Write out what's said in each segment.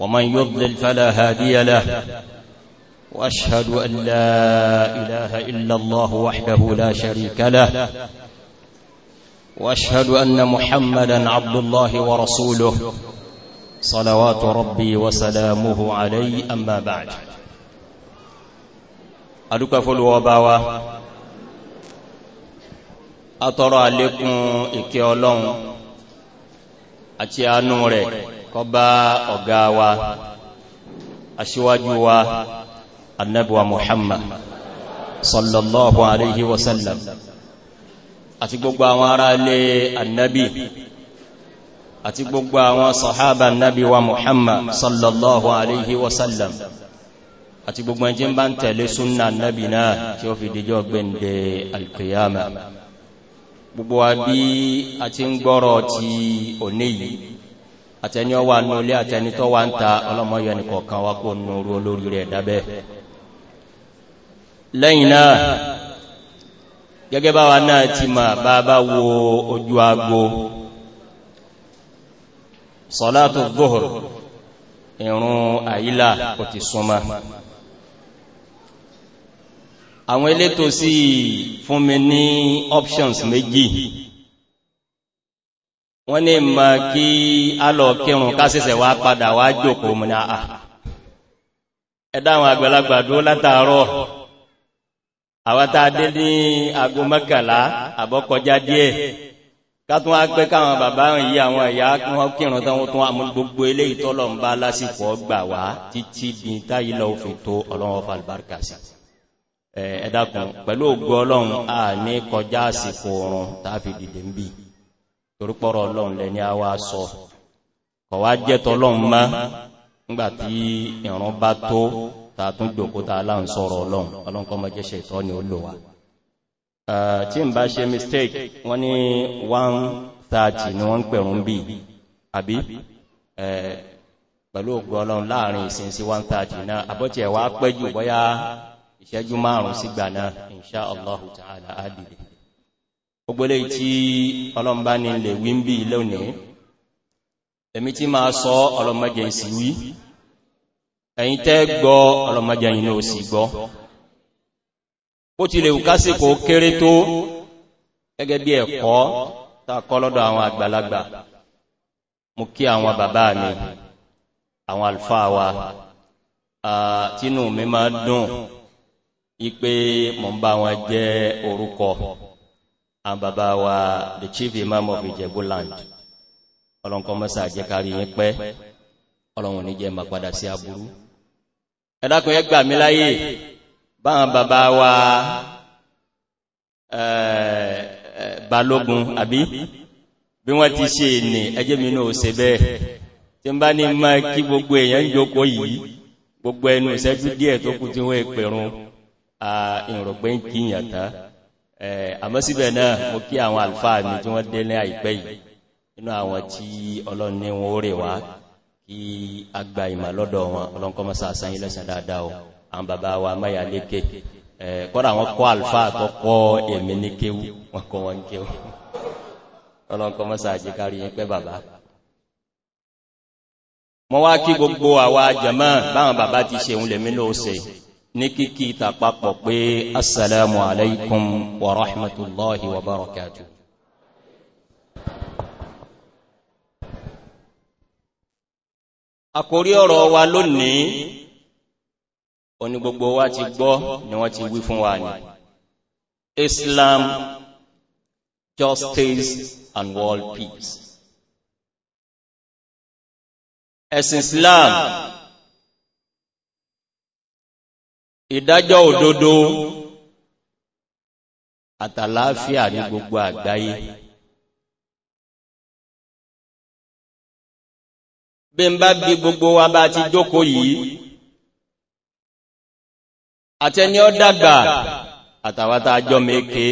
ومن يضلل فلا هادي له وأشهد أن لا إله إلا الله وحده لا شريك له وأشهد أن محمدا عبد الله ورسوله صلوات ربي وسلامه عليه أما بعد ادوك فلو وباوا اترى لكم àlékún ìkẹ́ نوري kọba ọ̀gá wa aṣíwájú wa annabuwa muhammad sallallahu alaihi wasallam àti gbogbo àwọn ará ilé annabi àti gbogbo àwọn sọ̀hábà annabi wa muhammad sallallahu alaihi wasallam àti gbogbo ẹjí bá ń tẹ̀lé súnnà annabi náà tí ó fi dìjọ́ gbẹ̀ndẹ̀ alkiyama gbogbo wa bí a ti ń gbọ́rọ̀ ti òní àtẹni ọwà nulẹ̀ àtẹni tó wà ń ta ọlọ́mọyọ nìkọ̀ọ̀kan wá kó nùrú olórí rẹ̀ dábẹ́ lẹ́yìn náà gẹ́gẹ́ bá wa náà ti ma bá bá wo ojú agbo sọ́látò gbóhùr ìrún àyílà kò ti súnmọ́ àwọn elétò sí fún mi ní options méjì wọ́n ní ma kí a lọ kírùn kásẹsẹ̀ wá padà wá jòkó mú ní ah, ah. àà ẹ̀dáwọn àgbàlagbà dúó látàárọ̀ àwátá dé ní agbó mẹ́kànlá àbọ́kọjá díẹ̀ kátún á pẹ́ káwọn bàbá yí àwọn ẹ̀yà kí wọ́n kírùn tán tún àmú gbogbo ilé ìtọ́lọ̀ ń bá lásìkò ọgbà wá títí bí táyílọ̀ òfin tó ọlọ́wọ́ falbarka sí ẹ̀ẹ́dàkùn pẹ̀lú ògbọ́ ọlọ́run à ní kọjá àsìkò ọ̀run tàbí dìde ń bíi torúpọ̀rọ̀ ọlọ́run lẹ ní a wá sọ kọ̀wá jẹ́tọ̀ ọlọ́run má ńgbàtí ìran bá tó tààtún jòkóta aláhùn sọ̀rọ̀ ọlọ́run ọlọ́run kọ́ mọ́jẹ́ ṣe ìtọ́ ni ó lò wá tí ń bá ṣe mistake wọ́n ní 130 ni wọ́n ń pẹ̀rún bí àbí pẹ̀lú ògbò ọlọ́run láàrin ìsin sí 130 náà àbọ́tí ẹ̀wà pẹ́jù bọ́yá ìṣẹ́jú márùn-ún sígbà náà inṣá allahu ta'ala adìyẹ ogbélé tí ọlọ́mbá ní lè wí ń bí ilé òní èmi tí máa sọ ọlọ́mọdé ìsì wí ẹ̀yìn tẹ́ gbọ́ ọlọ́mọdé ìnú òsì gbọ́ ó ti lè wùkásìkò kéré tó gẹ́gẹ́ bí ẹ̀kọ́ tàkọ́ lọ́dọ̀ àwọn àgbàlagbà mú kí àwọn bàbá mi àwọn alfáà wa tínú mi máa dùn ipé mọ̀ ń bá wọn jẹ́ orúkọ àwọn wa the chief imam of Ijebu land ọlọ́nkọ́ mọ́sá jẹ́ kárí yín pẹ́ ọlọ́run ní jẹ́ ma padà sí aburú ẹ̀dàkùn yẹ́ gbà láyé báwọn bàbá wa balógun àbí bí wọ́n ti ṣe ní ẹjẹ́ mi náà ṣe bẹ́ẹ̀ tí ń bá ní máa kí gbogbo èèyàn jókòó yìí gbogbo ẹnu ìṣẹ́jú díẹ̀ tó kù tí wọ́n pẹ̀rún ìrọ̀gbẹ́ ń kíyàtá àmọ́síbẹ̀ náà mo kí àwọn àlfáà mi tí wọ́n délé àìpẹ́ yìí inú àwọn tí ọlọ́ni wọn rè wá kí agba ìmà lọ́dọ̀ wọn ọlọ́nkọ́mọ́sá àsáyí lẹ́sẹ̀ dáadáa o àwọn bàbá wa máyà lékè kọ́dà wọn kọ́ àlfáà tó kọ́ èmi ní kéwú wọn kọ́ wọn kéwú ọlọ́nkọ́mọ́sá àjíkárí yín pẹ́ mo wá kí gbogbo àwa jẹ̀mọ́ báwọn bàbá ti ṣe òun lèmi lóòsè ní kíkí ìtàpapọ̀ pé assalamu alaikum wa rahmatullahi wa barakatuh àkórí ọ̀rọ̀ wa lónìí oní gbogbo wa ti gbọ́ ni wọ́n ti wí fún wa ní islam justice and world peace ẹ̀sìn islam ìdájọ́ òdodo àtàláfíà ní gbogbo àgbáyé bí n bá bí gbogbo wa bá ti jókòó yìí àtẹni ọ dàgbà àtàwátà àjọ mẹ́kẹ́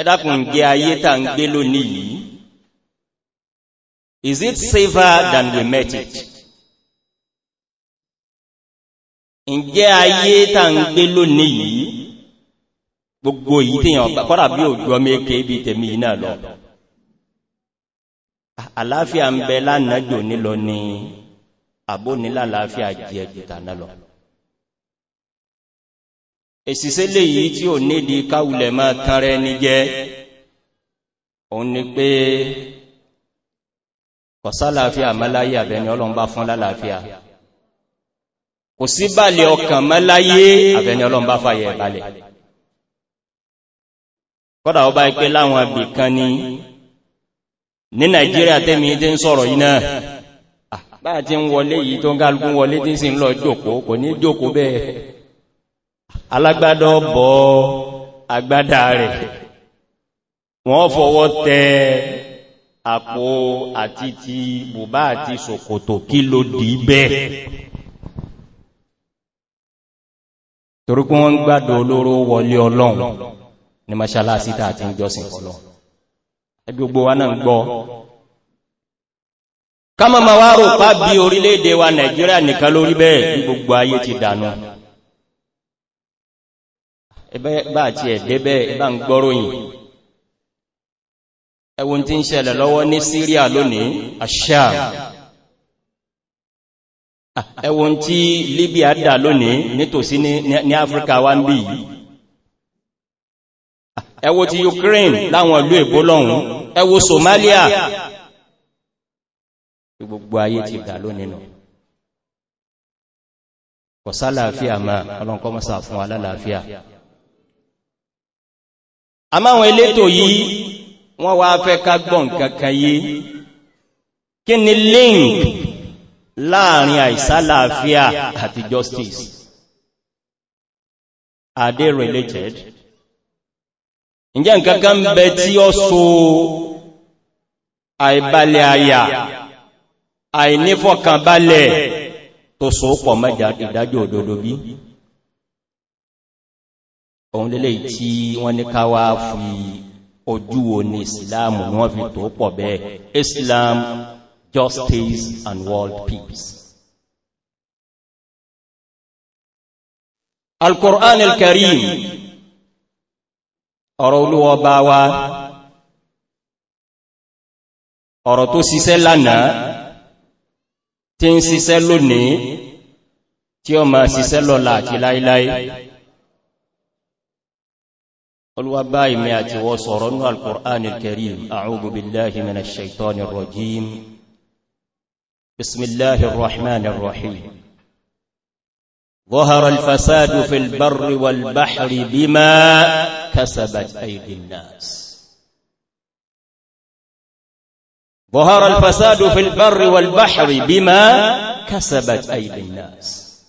ẹ̀dàkùn gẹ ayé tà ń gbé lónìí is it safer than we met it? ǹjẹ́ ayé tà ń gbé lónìí yìí gbogbo yìí tí yàn kọ́rà bí òjò mẹ́kẹ́ ibi tẹ̀mí iná lọ àláfíà ń bẹ lánàájò nílọ ni àbó nílá àláfíà jẹ jùta náà lọ èsìsẹ́ lè yìí tí ò nídi káwulẹ̀ máa tán rẹ ní jẹ́ òun ni pé kọ̀sálàáfíà mẹ́láyà bẹni ọlọ́mbá fún lálàáfíà la kò sí balẹ̀ ọkàn mẹ́láyé àfẹ́ni ọlọ́mbá fàyẹ̀ balẹ̀ kọ́dà ọba ipé láwọn abì kan ni ní nàìjíríà tẹ́mi tí ń sọ̀rọ̀ iná báyà tí ń wọlé yìí tó ń wọlé tí sì ń lọ jòkó kò ní jòkó bẹ́ẹ̀ àpò àti ti bùbá torí pé wọ́n ń gbádùn olóró wọlé ọlọ́run ní mọ́ṣálásí tàà ti ń jọsìn fọ́lọ́ ẹbí gbogbo wa náà ń gbọ́ kámọ́ ma wá rò pá bí orílẹ̀-èdè wa nàìjíríà nìkan lórí bẹ́ẹ̀ bí gbogbo ayé ti dànù ẹbá àti ẹ̀dẹ́ bẹ́ẹ̀ ẹwọ́n tí Libya dà lónìí nítòsí ní Africa wá ń bí ẹwọ́ ti Ukraine láwọn ìlú èbó lọ́hun ẹwọ́ Somalia gbogbo ayé ti dà lónìí nù kò sálàáfíà máa ọlọ́nkọ́ mọ́sà fún alálàáfíà a máa wọn elétò yìí wọ́n wá fẹ́ ká kankan yìí kí ni link láàrin àìsálàáfíà àti justice are they related ǹjẹ́ nǹkankan ń bẹ tí ó so àìbalẹ̀ àyà àìnífọ̀kànbalẹ̀ tó so pọ̀ mẹ́jà ìdájọ́ òdodo bí òun lélẹ̀ tí wọ́n ní káwà fi ojú wo ní ìsìláàmù wọ́n fi tó pọ̀ bẹ́ẹ̀ islam justice and world peace. Al-Qur'an al-Karim ọ̀rọ̀ olúwọ bá wá ọ̀rọ̀ tó ṣiṣẹ́ lánàá tí ń ṣiṣẹ́ lónìí tí ó máa ṣiṣẹ́ lọ́la àti láíláí olúwọ bá ìmẹ́ àti wọ́ sọ̀rọ̀ ní Al-Qur'an al-Karim a'udhu billahi minash shaitani rajim بسم الله الرحمن الرحيم ظهر الفساد في البر والبحر بما كسبت أيدي الناس ظهر الفساد في البر والبحر بما كسبت أيدي الناس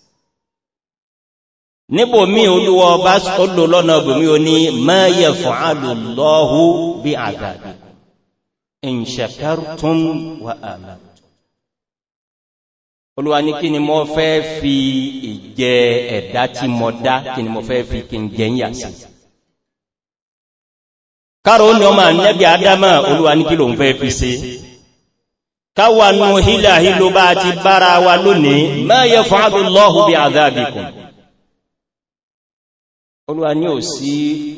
نبو ميو olúwọ bá olú lọ́nà obìnrí o ní máa yẹ fún alùlọ́hù olúwa ní kí ni mo fẹ́ fi ìjẹ ẹ̀dá tí mo dá kí ni mo fẹ́ fi kí n jẹ ń yà sí káàrò ní ọmọ ànẹ́bí adama olúwa ní kí ló ń fẹ́ fi se káwà nù hílà hílò bá ti bára wa lónìí mẹ́yẹ fún àdúlọ́hù bí àdábìkùn olúwa ní ò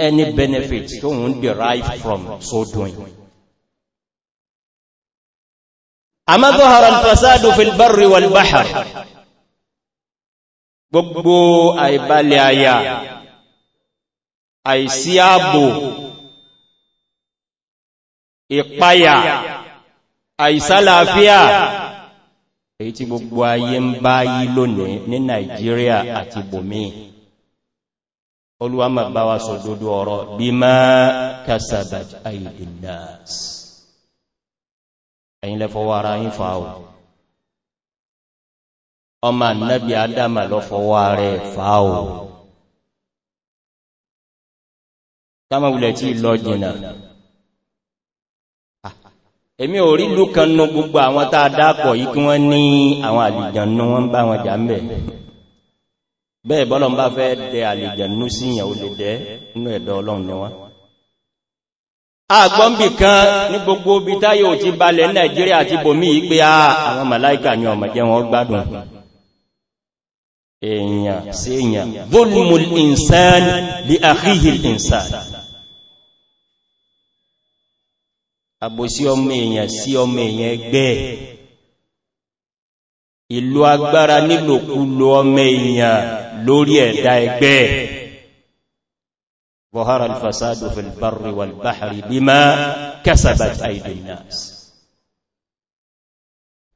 any benefit tó ń derive from so doing àmá zọ́hara alfasádù filbarri walbahar gbogbo àìbalẹ̀ àyà àìsí ààbò ìpayà àìsálàáfíà èyí tí gbogbo ayé ń bá yí lónìí ní nàìjíríà àti bòmí olúwa ma bá wa sọ dodo ọ̀rọ̀ bí máa kásàbàt àìdìnnáàsì ẹ̀yin lẹ́fọwọ́ ara yín fa o ọmọ annabi adama lọ́fọwọ́ rẹ̀ fa o tamawulẹ̀ tí lọ jìnà èmi ò rí lúkanú gbogbo àwọn tàà dápọ̀ yìí kí wọ́n ní àwọn àlìjànú wọ́n bá wọn jà mẹ́ bẹ́ẹ̀ bọ́lọ̀ ń bá fẹ́ dẹ àlìjànú síyàn ó lè dẹ́ inú ẹ̀dọ́ ọlọ́run ni wọ́n àgbọ́nbì kan ní gbogbo ibi táyé ò ti balẹ̀ nàìjíríà àti bòmí pé ah, àwọn màláìkà ni ọmọ jẹ́ wọn gbádùn èèyàn sí èèyàn volmul insan li àhíhìl insan àbò sí ọmọ èèyàn sí ọmọ èèyàn ẹgbẹ́ ìlú agbára nílòkulò ọmọ èèyàn lórí ẹ̀dá ẹgbẹ́ ẹ̀ ظهر الفساد في البر والبحر بما كسبت أيدي الناس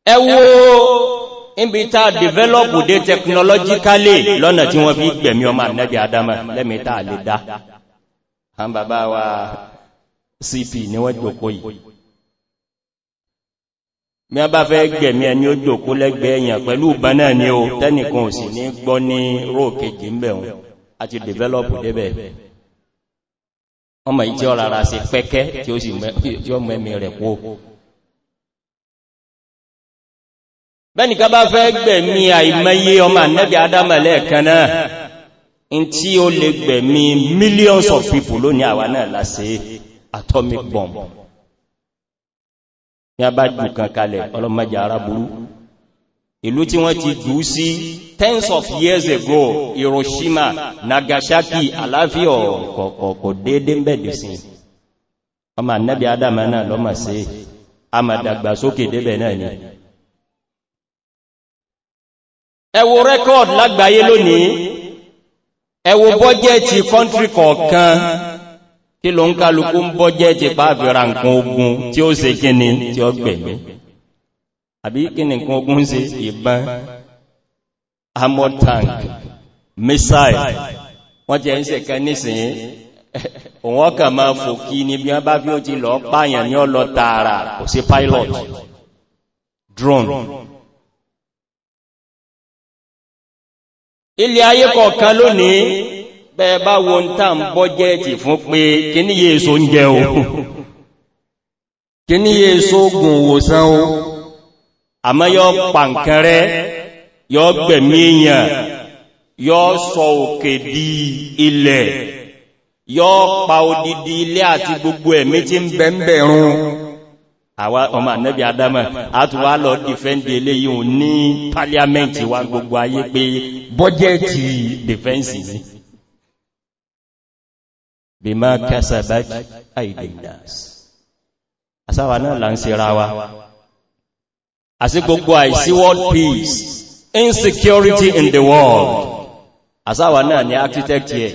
ẹwọ́ ibi ta develop dé technologically lọ́nà tí wọ́n fi gbẹ̀mí ọmọ ànẹ́bì adama lẹ́mìta lè dá àwọn bàbá wa cp ni wọ́n jòkó yìí mi a bá fẹ́ gbẹ̀mí ẹni ó jòkó lẹ́gbẹ̀ẹ́ èèyàn pẹ̀lú ìbánà ni ó tẹ́nìkan ò sì ní gbọ́ ní róòkejì ń bẹ̀rún àti develop débẹ̀ ọmọ ìjọ rárá sí pẹ́kẹ́ tí ó sì mẹ́mí rẹ̀ kó bẹ́nìká bá fẹ́ gbẹ̀mí àìmẹ́yé ọmọ ànẹ́bí adámẹ̀lẹ́ kan náà in tí ó lè gbẹ̀mí millions of people lónìí àwa náà lásì atomic bomb ní abájú kankalẹ̀ ọlọ́mọdé aráburú ìlú tí wọ́n ti jù sí tens of years ago hiroshima nagasaki aláfíà ọ̀kọ̀ọ̀kọ̀ déédé ń bẹ̀dẹ̀ sí ọmọ annabi adam náà lọ́mà sí amadagbasoke débẹ̀ náà ni ẹwọ rẹ́kọ́d lágbàáyé lónìí ẹwọ bọ́jẹ́ẹ̀tì kọ́ntrí kọ̀ọ̀kan kí ló ń kálukú ń bọ́jẹ́ẹ̀tì pàbíra nǹkan ogun tí ó se kíni tí ó gbẹ̀mí àbí kí ni nǹkan ogun ṣe ìbọn armored tank missile wọ́n jẹ́ ń sẹ̀kẹ́ nísìnyí òun ọkà máa fò kí ní bí wọ́n bá bí ó ti lọ pààyàn ní ọlọ tààrà kò sí pilot drone ilé ayé kọ̀ọ̀kan lónìí bẹ́ẹ̀ bá wo ń tàn bọ́jẹ́ẹ̀tì fún pé kí ní yé èso ń jẹ o kí ní yé èso gùn wòsàn o àmọ́ yọ pàǹkan rẹ yọ gbẹ̀mí èèyàn yọ sọ òkè di ilẹ̀ yọ pa odidi ilé àti gbogbo ẹ̀mí tí ń bẹ̀m̀bẹ̀ run àwa ọmọ ànẹ́bí adama a tún wá lọ dìfẹ́ndì ní wa gbogbo ayé pé bọ́jẹ́ẹ̀tì dìfẹ́ǹsì bí àìdìdàs náà là àti gbogbo àìsí world peace insecurity in the world àsáwà náà ni architect yẹ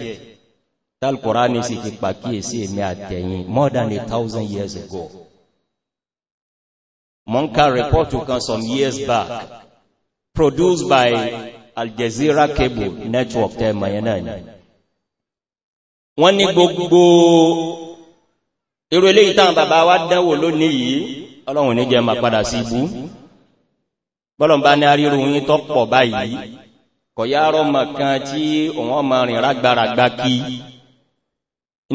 talkùránì sì ti pàkíyèsí èmì àtẹ̀yìn more than a thousand years ago monka report kan some years back produced by al jazeera cable network tẹ́mọ̀ yẹn náà ni wọ́n ní gbogbo irú eléyìí táwọn bàbá wa dánwò lónìí yìí ọlọ́run ní jẹ́ ma padà sí ibú bọ́lọ̀mbá ní àríro yí tó pọ̀ báyìí kọ̀ yá rọ́mọ̀ kan tí òun ọmọ rìn rágbàràgbà kí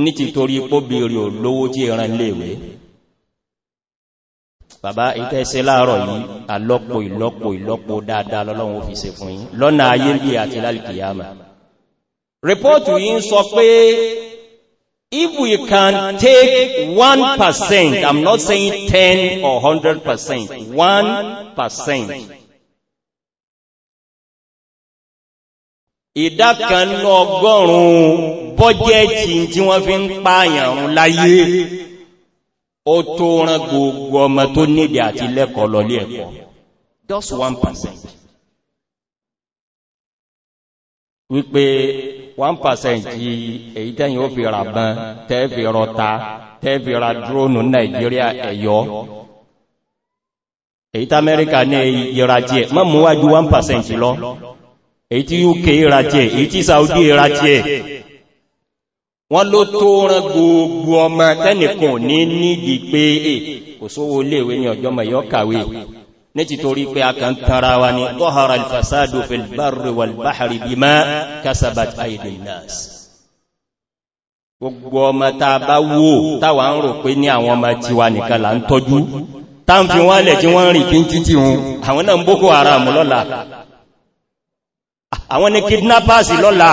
ní ti torí póbìnrin ò lówó tí ìran léèwé bàbá ìtẹ́ẹsẹ́ láàrọ̀ yìí alọ́pọ̀ ìlọ́pọ̀ ìlọ́pọ̀ dáadáa lọ́lọ́run fi se fún yí lọ́nà ayé bí àti lálìkìyàmà rìpọ́ọ̀tù yìí ń sọ pé If we can take 1%, I'm not saying 10 or 100%, 1%. Ìdá kan ní ọgọ́rùn-ún bọ́jẹ́ẹ̀tì tí wọ́n fi ń pààyàn láyé, ó tó rán gbogbo ọmọ tó níbi àti lẹ́kọ̀ọ́ lọlé ẹ̀kọ́. Just 1%. Wípé one percent èyí tẹ́yìn ó fi ra bán tẹ́ fi eyi ta tẹ́ fi ra dúrónù nàìjíríà ẹ̀yọ́ èyí tí amẹ́ríkà ní ìyẹra jẹ́ má mú wájú 1% lọ èyí tí uk ìra èyí tí saudi ìra wọ́n ló tó rán gbogbo ọmọ tẹ́nìkan ní nídi pé kò sówó léèwé ní ọjọ́mọ̀ yọ́ ní ti torí pé akàn tara wa ni tọ́hara alfasadu filbarri walbahari bí ma kasabat aidillas gbogbo ọmọ ta bá wó táwà ń rò pé ní àwọn ọmọ ti wa nìkan là ń tọ́jú táàmfí wọ́n lẹ̀ tí wọ́n rìn kí títí hun àwọn náà ń bókó ara mú lọ́la àwọn ni kidnappers lọ́la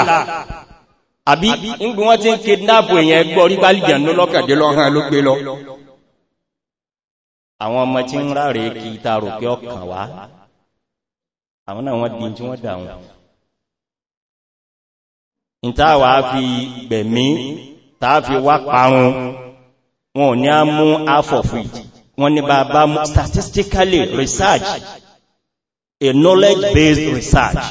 àbí ń gbí ti ń kidnap èèyàn gbọ́ rí bá lìjànú lọ́kàdé lọ́hàn ló gbé lọ àwọn ọmọ tí ń ráre kí ìtarò pé ọkàn wá àwọn náà wọ́n di tí wọ́n dà wọn ìtawà fi gbẹ̀mí tàà fi wá parun wọn ò ní a mú afọ̀fì wọn ni bàbá mú statistically research a knowledge based research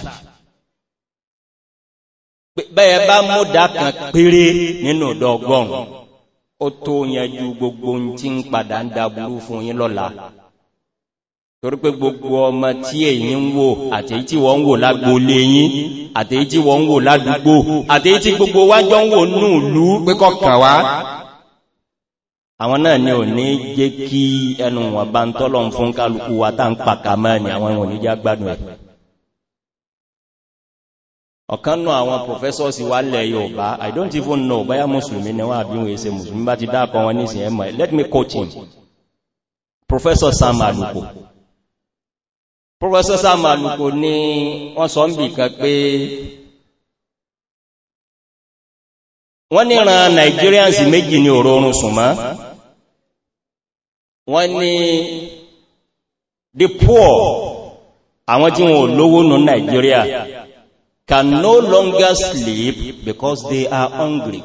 bẹ́ẹ̀ bá mú dákan péré nínú ọ̀dọ̀ ọgọ́rùn ó tó yanjú gbogbo ń tí ń padà ń daburú fún yín lọ́la torí pé gbogbo ọmọ tí èyí ń wò àtèyí tí wọ́n ń wò lágbólé yín àtèyí tí wọ́n ń wò ládúgbò àtèyí tí gbogbo wájọ́ ń wò nù lú pé kọkàn wá àwọn náà ni ò ní jẹ́ kí ẹnu wọn bá ń tọ́lọ̀ fún kálukú wa tá ń pàkà mọ́ ni àwọn ìwọ̀n ní ẹ̀ ọ̀kan náà àwọn professors wà lẹ̀ Yorùbá i don't even know báyá mùsùlùmí ni wọ́n àbí wọ́n èsẹ mùsùlùmí bá ti dákọ̀ wọn nísìn ẹmọ̀ let me coach him professor Sam Aluko professor Sam Aluko ní wọ́n sọ ń bì kan pé wọ́n níran Nigerians méjì ní òrórun sùnmọ́ wọ́n ní the poor àwọn tí wọn ò lówó nù Nigeria can no longer sleep because they are hungry.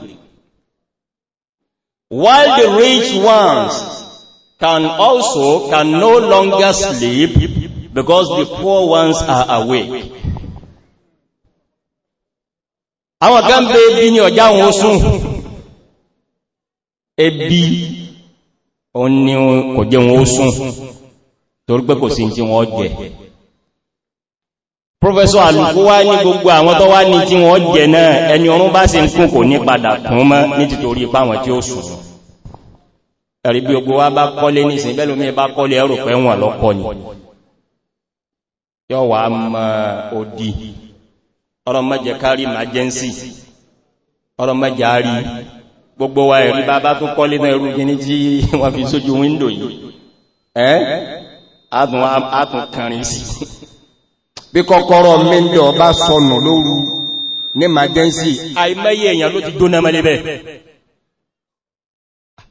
While the rich ones can also can no longer sleep because the poor ones are awake. Àwọn kan bẹ ebi ní ọjá wọn sún. Ebi òun ni kò wọn sún. Torí kò sí ti wọn jẹ. Professor Àlùkò wá ní gbogbo àwọn tó wá ní tí wọ́n jẹ náà ẹni ọrún bá sì ń kún kò ní padà kún mọ́ ní títorí ipá tí ó sùn. Ẹ̀rí bí ogbó wá bá kọ́lé nísìn bẹ́lómi bá kọ́lé ẹrù pẹ́ wọn ni. Yọ́ wà mọ òdì, ọ̀rọ̀ mẹ́jẹ kárí emergency, wa ẹ̀rí bá bá tún kọ́lé náà ẹrù gíní tí wọ́n fi sójú wíńdò yìí. Ẹ́ àtùn kàrin sí bí kọ́kọ́rọ́ mẹ́lẹ̀ ọba sọnù lóru ní magensi àìmẹ́yẹ èèyàn ló ti dóná mẹ́lẹ̀ bẹ́ẹ̀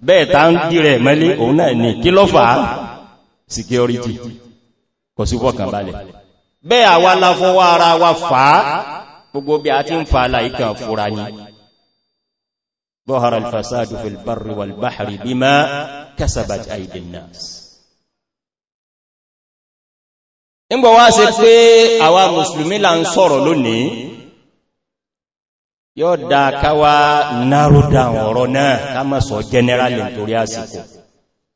bẹ́ẹ̀ ta ń dí rẹ̀ mẹ́lẹ̀ òun náà ní kí lọ́fà security kò sí fọ́kàn balẹ̀ bẹ́ẹ̀ àwa láfọwọ́ ara wa fà á gbogbo bí a ti ń fa aláìkà fúra ní ظهر الفساد في البر والبحر بما كسبت أيدي الناس nígbọ̀ wá ṣe pé àwa mùsùlùmí là ń sọ̀rọ̀ lónìí yóò dá káwà náródà ọ̀rọ̀ náà ká mọ́ sọ general nítorí àsìkò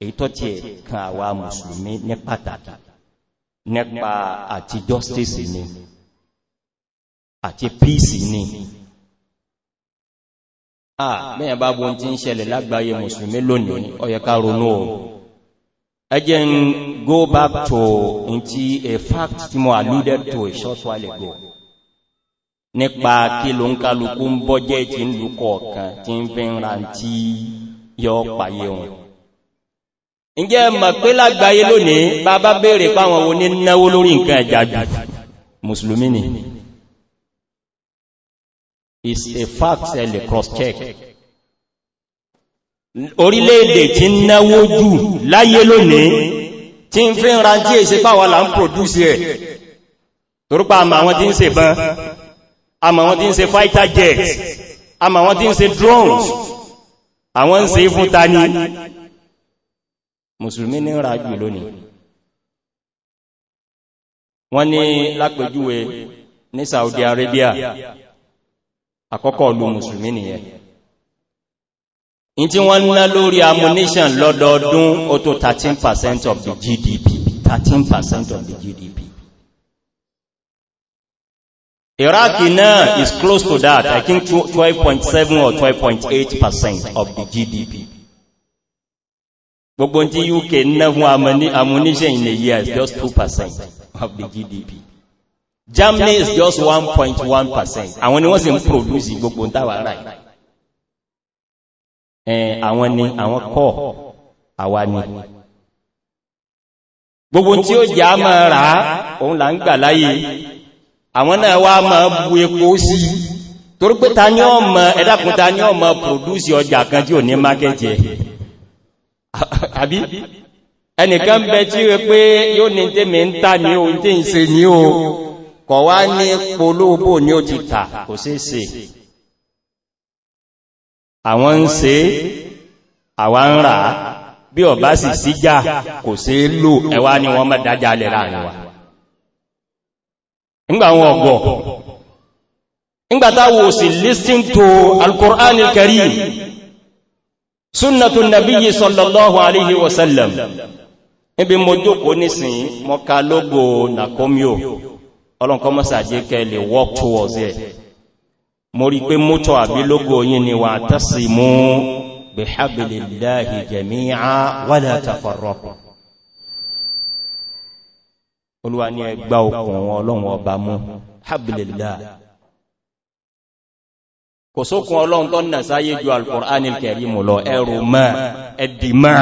èyí tó ti kan àwa mùsùlùmí ní pàtàkì nípa àti justice ni àti peace ni ah mẹ́yàn bá bọ́n ti ń ṣẹlẹ̀ lágbàáyé mùsùlùmí lónìí ọyẹ́ká ronú ohun ẹjẹ́ ń go back to ǹtí a fact tí mo alluded to a short while ago nípa kí ló ń kálukú ń bọ́jẹ́ tí ń lukọ̀ kan tí ń fi ń ra tí yọ pàyẹ wọn ǹjẹ́ mọ̀ pé lágbàáyé lónìí bàbá béèrè páwọn wo ní náwó lórí nǹkan ẹ̀jà jù is a fact ẹ cross -check orílẹ̀-èdè tí ń náwó jù láyé lónìí tí ń fi ń ra tí èsì pàwà là ń pòdúsì ẹ̀ torúpa àmà àwọn tí ń se bán àmà àwọn tí ń se fighter jets àmà àwọn tí ń se drones àwọn ń se fún ta ní mùsùlùmí ní ra jù lónìí wọ́n ní lápẹjúwe ní saudi arabia àkọ́kọ́ lu mùsùlùmí nìyẹn in tí wọ́n ná lórí ammunition lọ́dọọdún ó tó 13% of the gdp 13% of the gdp iraq náà is close to that i think 12.7 or 12.8% of the gdp gbogbo tí uk ná fún ammunition in a year is just 2% of the gdp germany is just 1.1% àwọn ni wọ́n sì ń produce gbogbo táwà ráì àwọn ni àwọn kọ́ àwa ni gbogbo tí ó jẹ́ àmà rà òun là ń gbà láyé àwọn náà wá ma bu epo sí torí pé ta ní ọmọ ẹ̀dàkùn ta ní ọmọ pòdúsì ọjà kan tí ò ní mákẹ́tì àbí ẹnìkan bẹ tí rẹ pé yóò ní tẹ́mẹ̀ ń tà ní ohun tí ń se ní o kọ̀ wá ní polówó ní ó ti tà kò sí sí àwọn ń se àwa ń rà bí ọ̀bá sì síjà kò sí lò ẹwà ni wọ́n mọ́ dájá lẹ̀ láàrin wa nígbà wọn wo sí listen to alkur'an al-karim sunnatun nabiyyi sallallahu alaihi wasallam ibi mo ka logo nakomio lè walk towards it mo rí pé mọ́tọ̀ àbí lógo yìí ni wà tásì mú bí hábìlìláhì jẹ̀míà wádà tàfàrọ̀kù olúwa ní ẹgbà okùn ọlọ́run ọba mú hábìlìlá kò sókun ọlọ́run tó nà sáyé ju alkùránil kẹrí mú lọ ẹrù mọ́ ẹdì mọ́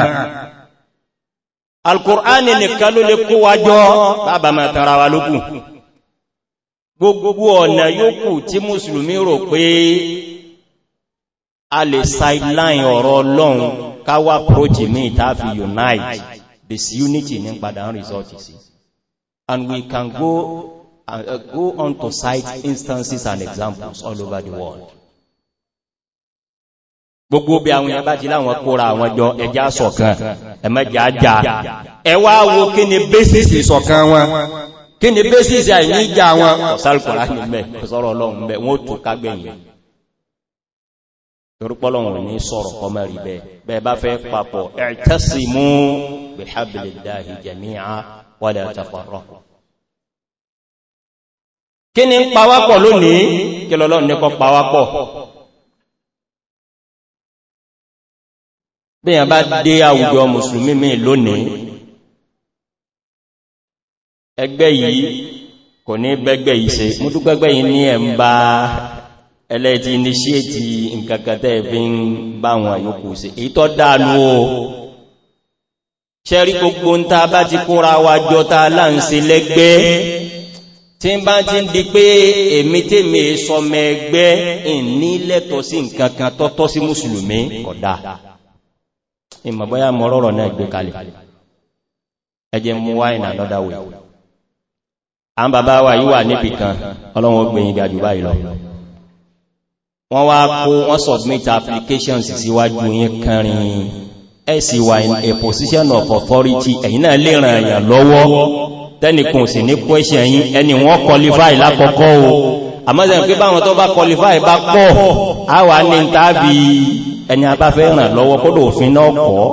alkùránil nìkan ló lè kó wájọ́ bàbá mẹ́tara gbogbo ọ̀nà yóò tí mùsùlùmí rò pé a lè sideline ọ̀rọ̀ ọlọ́run káwà projì ní ìtàfi unite this unity ní padà ń result sí and we can go, uh, go on to cite instances and examples all over the world gbogbo bí àwọn èèyàn ti láwọn kóra àwọn jọ ẹjá sọ̀kan ẹ̀mẹ́jà já ẹwà wo kí ni basis ìsọ̀kan wọn kí ni bẹ́sìsì àìní ìjà wọn ọ̀sálùkọ̀lá ní mẹ́ ọ̀sọ́rọ̀ ọlọ́run mẹ́ wọ́n tó kágbẹ̀yìn torúpọ́lọ́run ní sọ̀rọ̀ kọmọ rí bẹ́ẹ̀ bẹ́ẹ̀ bá fẹ́ papọ̀ ẹ̀tẹ́sìmú bihablillahi jami'a wala tafarraqu kí ni pawápọ̀ lónìí kí lọ́lọ́run ní ẹgbẹ́ yìí kò ní bẹ́gbẹ́ yìí ṣe mú tó gbẹ́gbẹ́ yìí ní ẹ̀mbá ẹlẹ́ti iníṣíètì nkankanẹ́ fi ń bá wọn yóò ṣe èyí dánú o ṣẹ́rí gbogbo ti kúnra wa jọta láǹsí lẹ́gbẹ́ tí bá ti ń di pé èmi tèmi sọmọ ẹgbẹ́ ìní lẹ́tọ̀ sí nkankan tọ́tọ́ sí mùsùlùmí kọ̀dá ìmọ̀bọ́yá mọ́rọ̀rọ̀ náà gbé kalẹ̀ mú a ń bàbá wà yíwà níbi kan ọlọ́run ọgbẹ̀yìn gàjù báyìí lọ wọ́n wá kó wọ́n submit applications síwájú yín kanrin ẹ̀sì in a position of authority ẹ̀yìn náà lè ràn èèyàn lọ́wọ́ tẹ́nìkùn sì ní question yín ẹni wọ́n qualify lákọ̀ọ́kọ́ o àmọ́sẹ̀ pé báwọn tó bá qualify bá pọ̀ a wà ní tàbí ẹni abáfẹ́ ràn lọ́wọ́ kódò òfin náà kọ́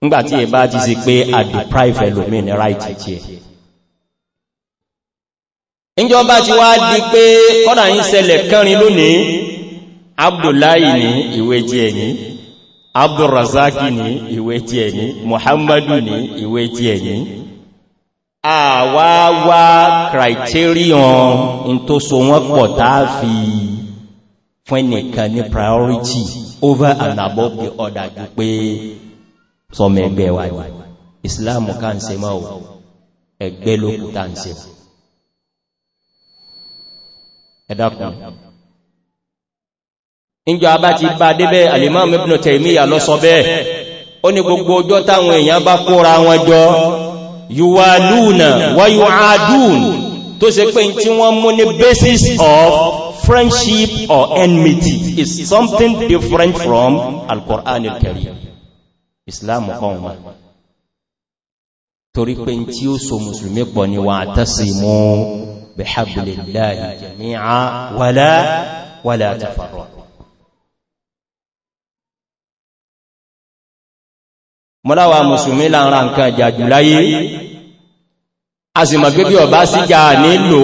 nígbàtí ìbá ti sì pé a deprive ẹlòmí right ti ìjọba ti wá di pé kọ́dà ń ṣẹlẹ̀ kẹrin lónìí abdullahi ni ìwé tí ẹ̀yìn abdurrazaki ní ìwé tí ẹ̀yìn muhammadu ní ìwé tí ẹ̀yìn àwáwá criterion in tó so wọ́n pọ̀ táà fi fún ẹnìkan ní priority over and above the order ju pé sọmọ ẹgbẹ́ wa islam ká ń se mọ́ ẹgbẹ́ lókúta ń se mọ́ ẹ̀dàkùn níjọ abá ti bá débẹ̀ alimam ibn taimiyya lọ sọ bẹ́ẹ̀ ó ní gbogbo ọjọ́ táwọn èèyàn bá kóra wọn jọ yuwaluna wa yu'adun tó ṣe pé tí wọ́n mú ní basis of friendship or enmity is something different from al-Qur'an al-Karim Islam kan wọn torí pé tí ó so musulmi pọ̀ ni wà tẹ́sì mú bihablillahi jami'a wala ولا tafarraqu mọ́láwà mùsùlùmí lára nǹkan ìjàjù láyé a sì mọ̀ pé bí ọba síjà nílò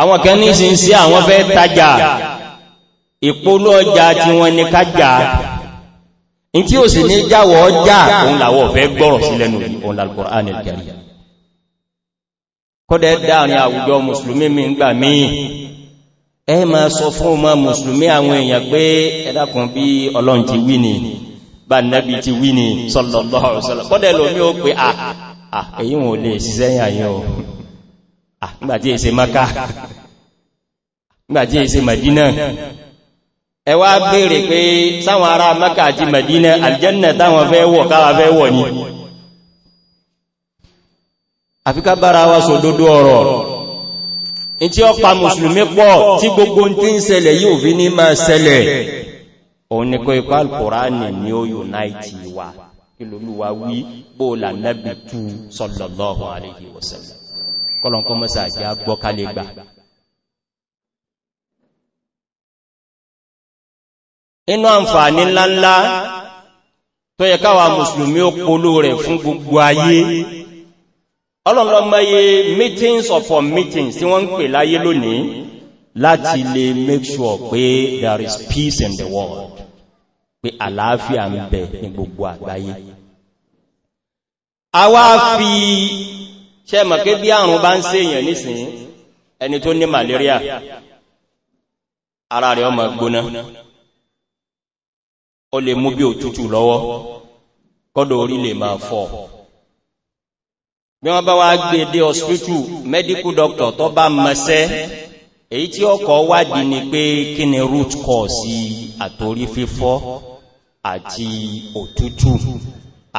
àwọn kan ní sin sí àwọn fẹ́ tajà ìpolú ọjà tí wọ́n ní kájà in tí ò sì ní jáwọ̀ ọjà òun làwọ̀ fẹ́ gbọ́rọ̀ sí lẹ́nu òun kọ́dẹ̀ dáàrin àwùjọ mùsùlùmí mi ń gbà míì ẹ ma sọ fún ọmọ mùsùlùmí àwọn èèyàn pé ẹ̀dàkùn bí ọlọ́run ti wí ni bá nẹ́bí ti wí ni sallallahu alaihi wasallam kọ́dẹ̀ lómi ó pé èyí wọn ò lè ṣiṣẹ́ yàyàn o nígbàtí èsè maka nígbàtí èsè madina ẹ wá béèrè pé sáwọn madina aljanna táwọn fẹ́ wọ̀ káwà ni àfikà bára wa sòdodo ọ̀rọ̀ in tí ó pa mùsùlùmí pọ̀ tí gbogbo tí ń ṣẹlẹ̀ yíò fi ní máa ṣẹlẹ̀ òun ni kó ipá alkùránì ni ó yùnáìtì wa ilolúwa wí bóòlà nẹ́bì tú sallallahu alayhi wa sallam kọlọ̀nkọ́ mọ́sà jẹ́ agbọ́kálẹ̀ gbà inú àǹfààní ńláńlá tó yẹ káwà mùsùlùmí ó polú rẹ̀ fún gbogbo ayé ọlọ́lọ́mọ́ye meetings upon meetings tí wọ́n ń pè láyé lónìí láti lè make sure pé there is peace in the world pé àlàáfíà ń bẹ ní gbogbo àgbáyé a wá fi ṣe mọ̀kẹ́ bí àrùn bá ń se èèyàn nísìn ẹni tó ní malaria ara rẹ̀ ọmọ gbóná ó lè mú bí òtútù lọ́wọ́ kọ́dọ̀ orí lè máa fọ́ bí wọ́n bá wá gbé dé hospital medical doctor tó bá mẹ́sẹ́ èyí tí ọkọ̀ wádìí ni pé kí ni root cause àtorí fífọ́ àti òtútù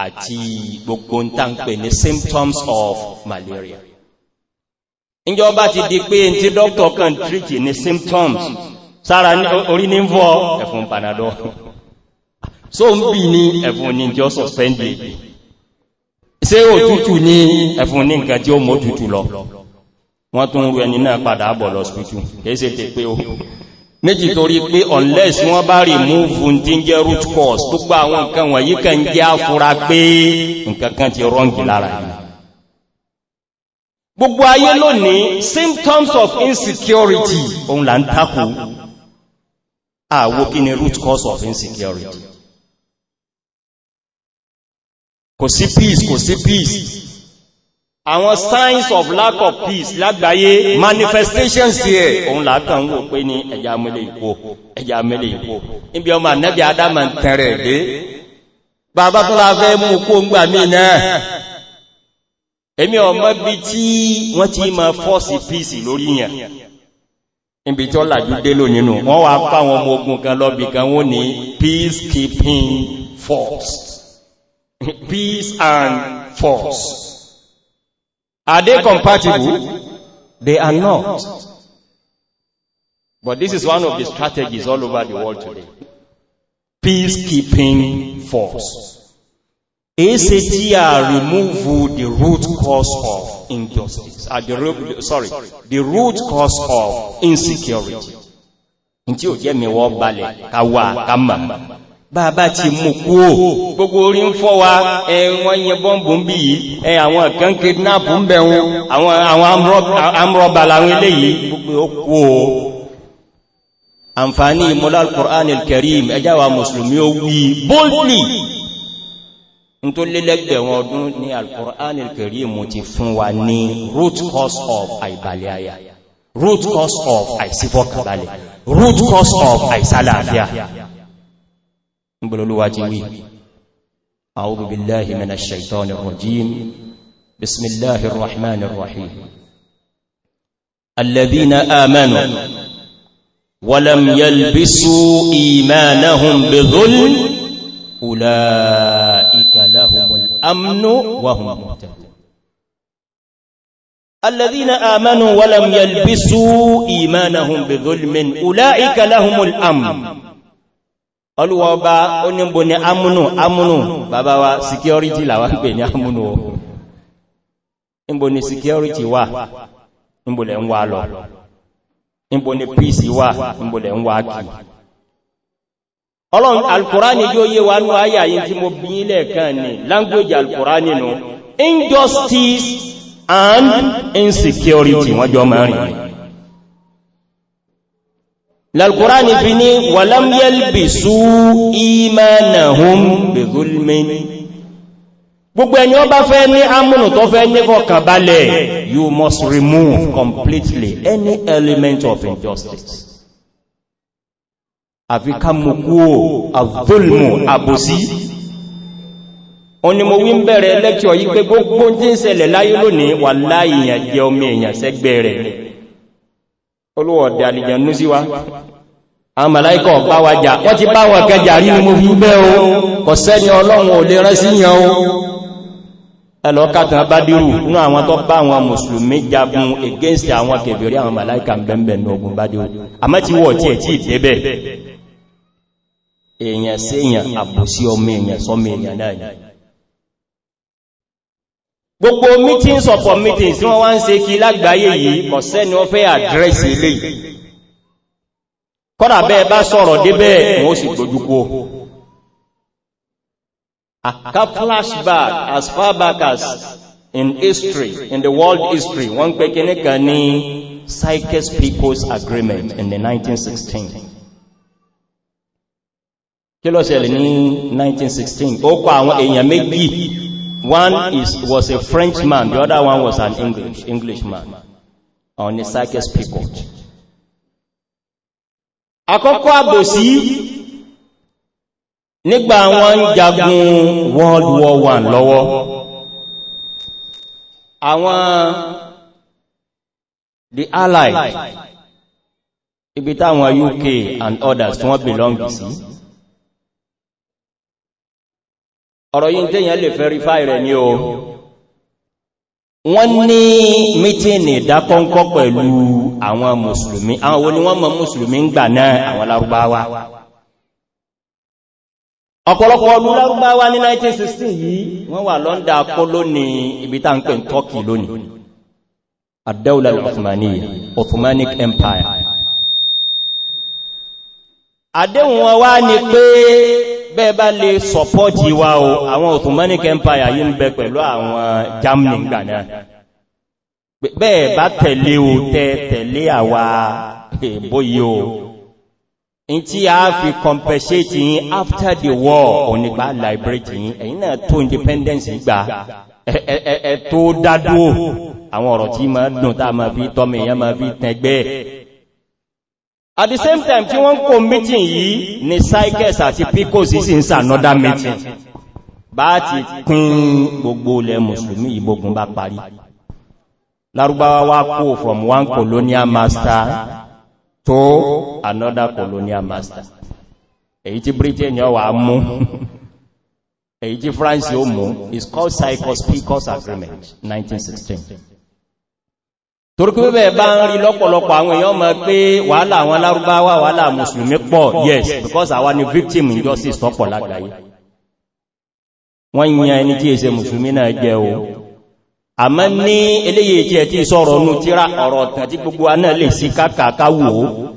àti gbogbo ń tàn pè ní symptoms of malaria ìjọba ti di pé tí doctor kan treat ní symptoms sára orí ní ń fọ́ ẹ̀fún panadol so ń bí ní ẹ̀fún ní jọ suspended ṣé òtútù ní ẹ̀fún ní nǹkan tí ó mọ́ òtútù lọ wọ́n tún rú ẹni náà padà bọ̀ lọ sùtù kéèsè tẹ pé ó méjì torí pé unless wọ́n bá remove tí ń jẹ́ root cause gbogbo àwọn nǹkan wọ̀nyí kan jẹ́ afura pé nǹkan kan ti rọ́ǹgì lára yìí gbogbo ayé lónìí symptoms of insecurity òun là ń takò àwo kí ni root cause of insecurity kò sí peace kò sí peace àwọn signs of lack of peace lágbàáyé manifestations here òun làákàn wò pé ní ẹja mẹ́lẹ̀ ìpò ẹja mẹ́lẹ̀ ìpò níbi ọmọ ànẹ́bí adama tẹ̀rẹ̀ dé bàbá tó láfẹ́ mú kó ń gbà mí náà èmi ọmọ bí tí wọ́n ti ma fọ́ọ̀sì peace lórí yàn níbi tí ó làjú dé lò nínú wọ́n wá pàwọn ọmọ ogun kan lọ́bì kan wọ́n ní peacekeeping force peace and force. Are they compatible? They are not. But this is one of the strategies all over the world today. Peacekeeping force. ACTR remove the root cause of injustice. Uh, the, sorry, the root cause of insecurity. bàbá ti mú kú ò gbogbo orí ń fọ́ wa ẹ̀wọ̀n yẹ bọ́m̀bù ń bí yìí ẹ àwọn kan kìdínápù ń bẹ̀wọ̀n àwọn amrọ̀bà láwọn ilé yìí gbogbo okú ò àǹfàní ìmọ́lá al-Qur'an al-Karim ẹjá wa mùsùlùmí ó wí boldly n tó lélẹ́gbẹ̀wọ̀n ọdún al-Qur'an al-Karim ti fún wa root cause of àìbàlẹ̀ àyà root cause of àìsífọ́kàbalẹ̀ root cause of àìsálàáfíà نقول واجوي أعوذ بالله من الشيطان الرجيم بسم الله الرحمن الرحيم الذين آمنوا ولم يلبسوا إيمانهم بظلم أولئك لهم الأمن وهم مهتدون الذين آمنوا ولم يلبسوا إيمانهم بظلم أولئك لهم الأمن olúwa ọba oníbo ni amúnù amúnù bàbá wa security làwá ń pè ní amúnù o níbo ni security wà níbo lẹ̀ ń wà lọ níbo ni peace wà níbo lẹ̀ ń wà kì ọlọ́run alkùránì yóò yé wa ní ayà yìí tí mo bí ilẹ̀ kan ní language alkùránì nù injustice and insecurity wọ́n jọ mẹ́rin lalkurani fi ní wàlámyẹ́lbìsú ìmánàhún bèzulmin gbogbo ẹni ọ bá fẹ́ ní amúnù tó fẹ́ nífọ̀kàn balẹ̀ you must remove completely any element of injustice àfi ká mú kúò àvúlmù àbòsí oní mo wí ń bẹ̀rẹ̀ lẹ́kṣọ̀ yí pé gbogbo jíǹsẹ̀lẹ̀ láyé lónìí wà láyìyàn jẹ́ omi èèyàn sẹ́gbẹ̀ẹ́ rẹ̀ olóòdì àlìjànú sí wa àwọn mẹ́láìkọ̀ bá wa jà wọ́n ti bá wọn kẹjà rí ní mo bẹ́ o kò sẹ́ni ọlọ́run ò lè rán sí yàn o ẹlọ kàtàn ní àwọn tó bá àwọn mùsùlùmí jagun against àwọn kèbèrè àwọn mẹ́láìkà bẹ̀m̀bẹ̀ ní ogun bá dírù àmọ́ tí wọ́n tí ẹ̀ tí ìdébẹ̀ èèyàn gbogbo meetings ọ̀pọ̀ meetings tí wọ́n wá ń ṣe kí lágbàáyé yìí kọ̀ sẹ́ni wọ́n fẹ́ àdírẹ́sì ilé kọ́dà bẹ́ẹ̀ bá sọ̀rọ̀ débẹ̀ wọ́n sì gbójúkú aka flashback as far back as in history in the world history wọ́n pẹ́ kí níkan ní Cycus People's Agreement in the 1916 kí ló ṣẹlẹ̀ ní 1916 ó kọ àwọn èèyàn méjì One is, was a Frenchman, the other one was an English, Englishman on the circus people. Àkọ́kọ́ àbòsí nígbà àwọn jagun World War One lọ́wọ́. Àwọn the Allied, ibi táwọn UK and others tí wọ́n belong sí. ọ̀rọ̀ yí tẹ́yàn lè verify rẹ̀ ní o wọ́n ní mítíìnì ìdákọ́ńkọ́ pẹ̀lú àwọn mùsùlùmí àwọn wo ni wọ́n mọ̀ mùsùlùmí ń gbà náà àwọn lárúbáwá ọ̀pọ̀lọpọ̀ ọdún lárúbáwá ní 1916 yìí wọ́n wà lọ́ndà kó lónìí ibi tá ń pè ń tọ́kì lónìí Empire àdéhùn wọn wá ní bẹ́ẹ̀ bá lè sọpọ́tì wa o àwọn Ottomanic Empire yí ń bẹ pẹ̀lú àwọn Germany gbà náà bẹ́ẹ̀ bá tẹ̀lé o tẹ́ tẹ̀lé àwa eh, bóyí o in tí a fi compensate yín after the war onígbà liberate yín ẹ̀yin náà tó independence gbà ẹ̀ tó dádó àwọn ọ̀rọ̀ tí ma dùn tá ma fi tọ́mì yẹn ma fi tẹgbẹ́ at the same time tí wọ́n kò meeting yìí ni psychers àti pcos sì ń sànọ́dá meeting bá ti pín gbogbo ilẹ̀ mùsùlùmí ìgbógun bá parí lárúbáwá wá kó from one colonial master to another colonial master èyí tí britain yọ wà mú èyí tí france yóò mú is called psychos pcos agreement 1916 torípé bẹ́ẹ̀ bá ń rí lọ́pọ̀lọpọ̀ àwọn èèyàn mọ̀ pé wàhálà àwọn lárúbáwà wàhálà mùsùlùmí pọ̀ yes because àwa ni victim injustice tọ́pọ̀ lágbàáyé wọ́n yíyan ẹni tí èsẹ mùsùlùmí náà jẹ́ o àmọ́ ní eléyìí tí ẹ ti sọ̀rọ̀ nú tíra ọ̀rọ̀ tàbí gbogbo aná lè sí kákàkáwò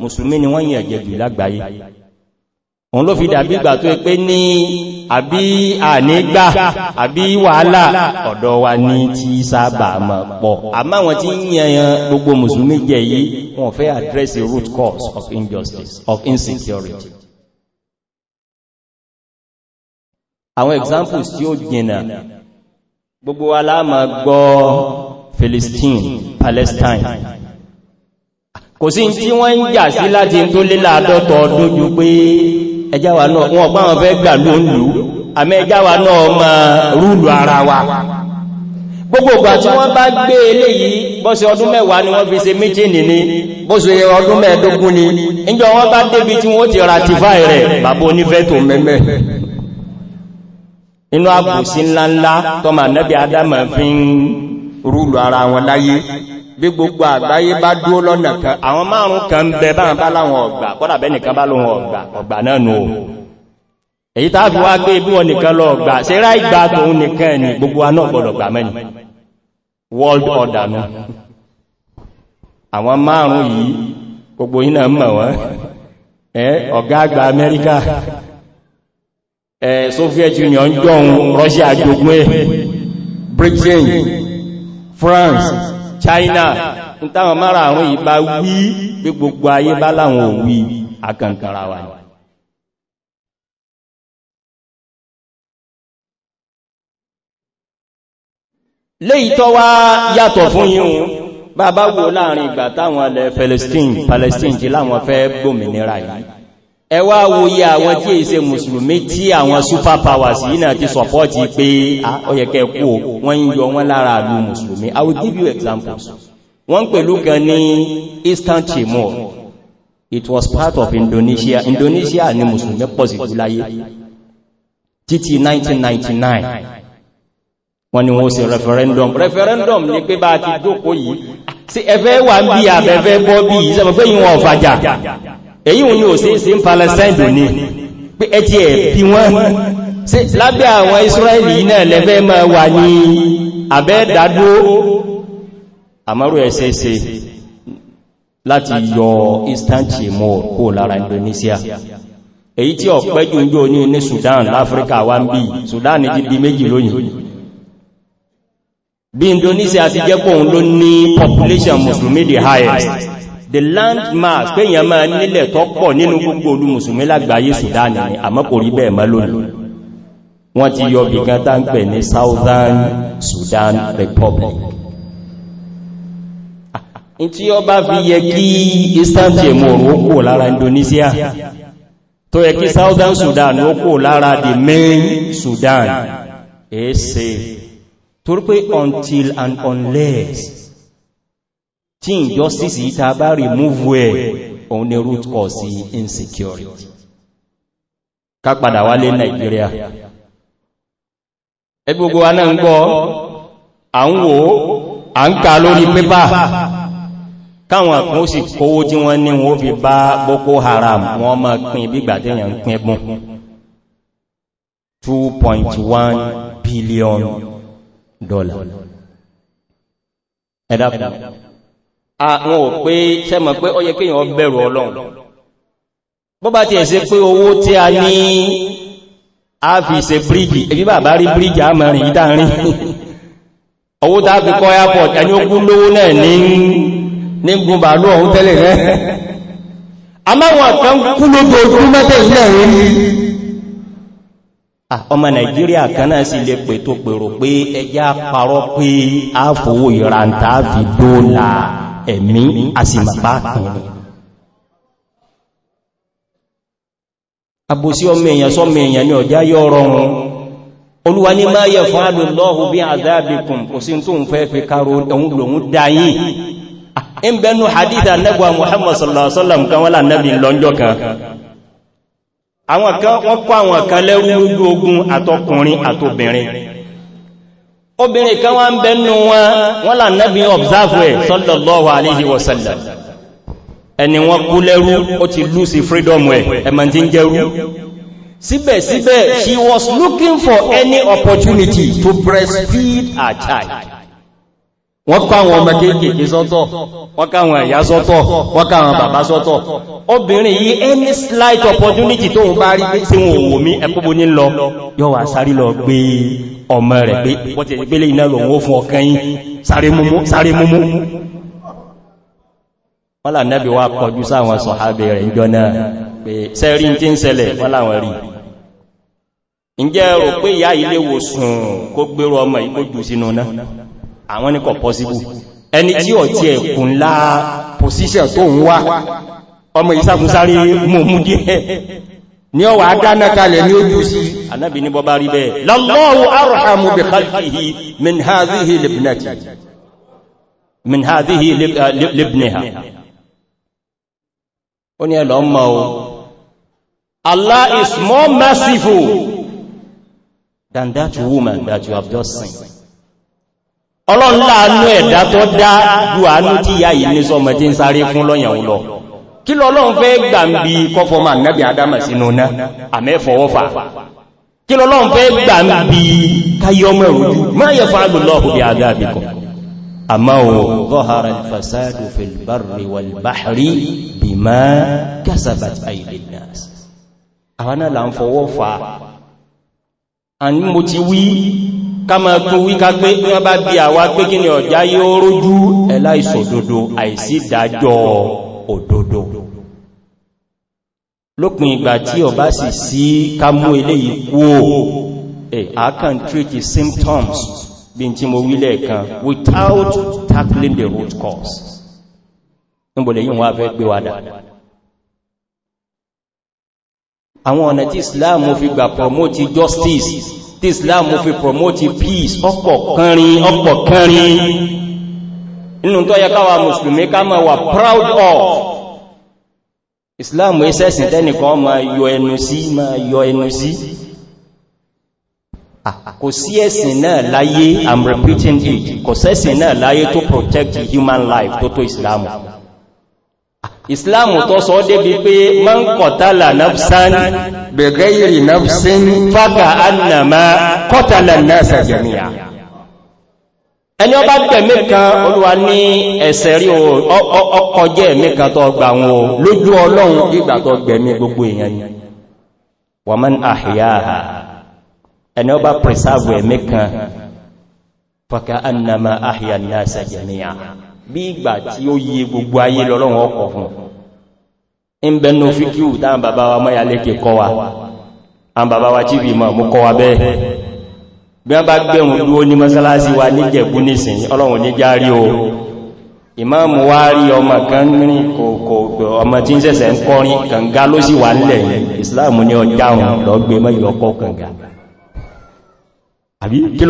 mùsùlùmí ni wọ́n yíyan jẹ́ jù lágbàáyé òun ló fi dàbí ìgbà tó pé ní àbí ànígbà àbí wàhálà ọ̀dọ̀ wa ní tí sábà mọ̀ pọ̀ àmá wọn tí yẹnyẹn gbogbo mùsùlùmí jẹ yìí wọn fẹ́ address the root cause of injustice of insecurity àwọn examples tí ó jìnà gbogbo wa láàmà gbọ́ Philistine Palestine kò sí tí wọ́n ń jà sí láti tó lé ọdún ju pé ẹjáwà náà wọ́n gbá wọn fẹ́ gbà ló ń lú àmẹ́ ẹjáwà náà ma rúlù ara wa gbogbogbà tí wọ́n bá gbé eléyìí bọ́sẹ̀ ọdún mẹ́wàá ni wọ́n fi ṣe méjìnì ní bọ́sẹ̀ ọdún mẹ́ẹ̀dógún ni níjọ wọ́n bá débi tí wọ́n ti ratify rẹ̀ bàbá onífẹ́tò mẹ́mẹ́ inú àbùsí ńláńlá tọ́mà nẹ́bí adámà fi ń rúlù ara wọn láyé bí gbogbo àgbáyé bá dúó lọ́nà kan àwọn márùn kan bẹ báwọn bá láwọn ọ̀gbà kọ́dà bẹ́ nìkan bá lóhun ọ̀gbà ọ̀gbà náà nù o èyí tàbí wá gbé bí wọn nìkan lọ ọ̀gbà ṣe rá ìgbà tóun nìkan ní gbogbo wa gbọdọ̀ gbà mẹ́ni world order nù àwọn márùn yìí gbogbo yìí náà mọ̀ wọ́n ẹ soviet union jọun russia jogun britain france China ń táwọn mara àrùn yìí bá wí pé gbogbo ayé bá láwọn òwí akànkàrà wà ní léyìí tó wá yàtọ̀ fún yíhun bàbá wo láàrin ìgbà táwọn ilẹ̀ Palestine Palestine ti láwọn fẹ́ gbòmìnira yìí ẹ wá àwọn tí èsẹ mùsùlùmí tí àwọn super powers yìí náà ti sọpọ́tì pé ọyẹ̀kẹ́ kú wọ́n ń yọ wọ́n lára àlú mùsùlùmí i will give you examples wọ́n pẹ̀lú gan ní eastern timor it was part of indonesia indonesia ni mùsùlùmí pọ̀ sí láyé títí 1999 wọ́n ni wọ́n ṣe referendum referendum ni pé bá ti jókòó yìí sí ẹfẹ́ wà ń bí àbẹ́fẹ́ bọ́ bí ìsẹ́fẹ́ èyí òun ni sí sí ń Palestine dò ní pé ẹtí ẹ̀ bí wọ́n lábẹ́ àwọn Israeli náà lẹ́fẹ́ máa wà ní abẹ́dàdó àmárò ẹ̀ṣẹ́ṣe láti yọ Eastern Timor kó lára Indonesia èyí tí ọ̀pẹ́ jù ń ní ní Sudan láfíríkà wá ń bí Sudan ti di méjì lónìí bí Indonesia ti jẹ́ pọ̀ òun ló ní population muslimi the highest the landmass pé èyàn máa nílẹ̀ tó pọ̀ nínú gbogbo olú mùsùlùmí lágbàáyé Sudan ni àmọ́ kò rí bẹ́ẹ̀ mọ́ lónìí wọ́n ti yọ bí kan tá ń pè ní Southern Sudan Republic tí ó bá fi yẹ kí Eastern Timor ó kò lára Indonesia tó yẹ kí Southern Sudan ó kò lára the main Sudan èé ṣe torí pé until and unless tí injustice yìí ta bá remove ẹ̀ on the root cause insecurity ká padà wálé Nigeria. ẹgbogbo wa náà ń gbọ́ à ń wò à ń ká lórí pépà káwọn kan ó sì kówó tí wọ́n ní wọ́n fi bá Boko Haram wọ́n máa pín bígbà tẹ́yàn ń pín ẹgbùn 2.1 billion dollar ẹ̀dàkùn àwọn ò pé sẹ́mọ̀ pé ó yẹ kíyàn bẹ̀rù ọlọ́run bó bá ti ẹ̀sẹ̀ pé owó tí a ní a fi ṣe bàbá rí a mọ̀ rìn ìdá owó fi kọ́ airport ẹni ogún lówó náà ní gun bàálù ọ̀hún tẹ́lẹ̀ a ọmọ nàìjíríà kan náà lè pèrò pé ẹjá parọ́ pé fi ẹ̀mí àsìmàpá kan àbòsí ọmọ èèyàn sọmọ èèyàn ní ọjá yọ rọrùn olúwa ní máa yẹ fún àlùlọ́hù bí àdábìkùn kò sí tó ń fẹ́ fi karo ẹ̀hún lòun dáyí in bẹnu hadita nẹ́gbà muhammad sallallahu alaihi wasallam kan wọ́n lànẹ́bì lọ́njọ́ kan àwọn kan wọ́n kọ́ àwọn kan lẹ́rú lójú ogun àtọkùnrin àtobìnrin obìnrin kan wá ń bẹnu wọn wọ́n là nẹ́bí observe ẹ̀ sallallahu ẹni wọn kú lẹ́rú ó ti lose freedom ẹ̀ ẹ̀mọ̀ tí ń jẹ́rú síbẹ̀síbẹ̀ she was looking for any opportunity to breastfeed her child wọ́n káwọn ọmọ kéèkèé sọ́tọ̀ wọ́n káwọn ẹ̀yà sọ́tọ̀ wọ́n káwọn bàbá sọ́tọ̀ obìnrin yìí any slight opportunity tó ń bá rí pé tí wọ́n wò mí ẹkúbo ní lọ yọ́wà sárí lọ gbé e ọmọ rẹ̀ pé wọ́n ti pẹ́lẹ̀ iná lòun ó fún ọkàn yí sáré múmú wọ́n là nẹ́bí wá kọjú sáwọn sọ̀hábẹ̀ rẹ̀ ìjọ náà pé sẹ́rí tí ń sẹlẹ̀ wọ́n láwọn rí ǹjẹ́ rò pé ìyá ilé wòsùn kó gbérò ọmọ ìkójú sínú náà àwọn ní kọ̀ pọ́síbù ẹni tí ọ̀ ti ẹ̀kùn lá pòsíṣẹ̀ tó ń wá ọmọ ìsákúnsáré mú mú díẹ̀ ní ọwà dáná kalẹ̀ ní ojú sí anábi ní bọba rí bẹ́ẹ̀ lallahu arhamu bi khalqihi min hadhihi libnati min hadhihi ah, libniha ó ní ẹ̀lọ mọ́ o Allah is more merciful than that woman that you have just seen ọlọ́nlá anú ẹ̀dá tó dá ju àánú tí ìyá yìí ní sọmọ tí ń sáré fún lọ́yàn lọ kí lọ lọ́n fẹ́ gbàmbi kọfọmọ annabi adama sínú náà àmẹ́fọwọ́fà kí lọ lọ́n fẹ́ gbàmbi káyọmọ̀ ojú má yẹ fàájú lọ́hù bí adábìkọ̀ àmá o zọ́hara fasádù filbarri walbahari bí má kásabat aidinas àwọn náà la ń fọwọ́fà àní mo ti wí ká òdodo lópin ìgbà tí ọba sì sí kámú ilé ikú o a kàn treat the symptoms bí n tí mo wílẹ̀ kan without tackling the root cause níbòlẹ̀ yíò wọ́n fẹ́ gbé wádà àwọn ọ̀nà tí islam fi gbà promote justice tí islam fi promote peace ọ̀pọ̀ kẹrin ọ̀pọ̀ kẹrin inú tó yẹ káwà mùsùlùmí ká máa wà proud of islam ẹsẹ́sì tẹ́nìkan máa yọ ẹnu sí máa yọ ẹnu sí kò sí ẹ̀sìn náà láyé i'm repeating it kò sẹ́sìn náà láyé tó protect human life tó tó islam islam tó sọ débi pé man kọ̀tàlà nafsan bẹ̀gẹ́yìrì nafsin fága annama kọ̀tàlà nasa jami'a ẹni ọba gbẹ̀mí kan olúwa ní ẹ̀sẹ̀ rí ọkọ̀ jẹ́ ẹ̀mí kan tó gbà wọn lójú ọlọ́run ìgbà tó gbẹ̀mí gbogbo èèyàn wà mọ́n àhìyàhà ẹni ọba pẹ̀sáàbù ẹ̀mí kan fọ́ká annama àhìyà náà sàjẹ̀míyà bí ìgbà tí ó bí wọ́n bá gbẹ̀rùn dúó ní mọ́sálásí wa ní jẹ̀bú nìsìn ọlọ́run ní járí o ìmáàmù wá rí ọmọ kan ní kòkòkò ọmọ tí ń sẹ̀sẹ̀ ń kọrin kànga ló sì wà nílẹ̀ ìsìláàmù ní ọjáhùn lọ́gbé mẹ́yọkọ́ kànga àbí kí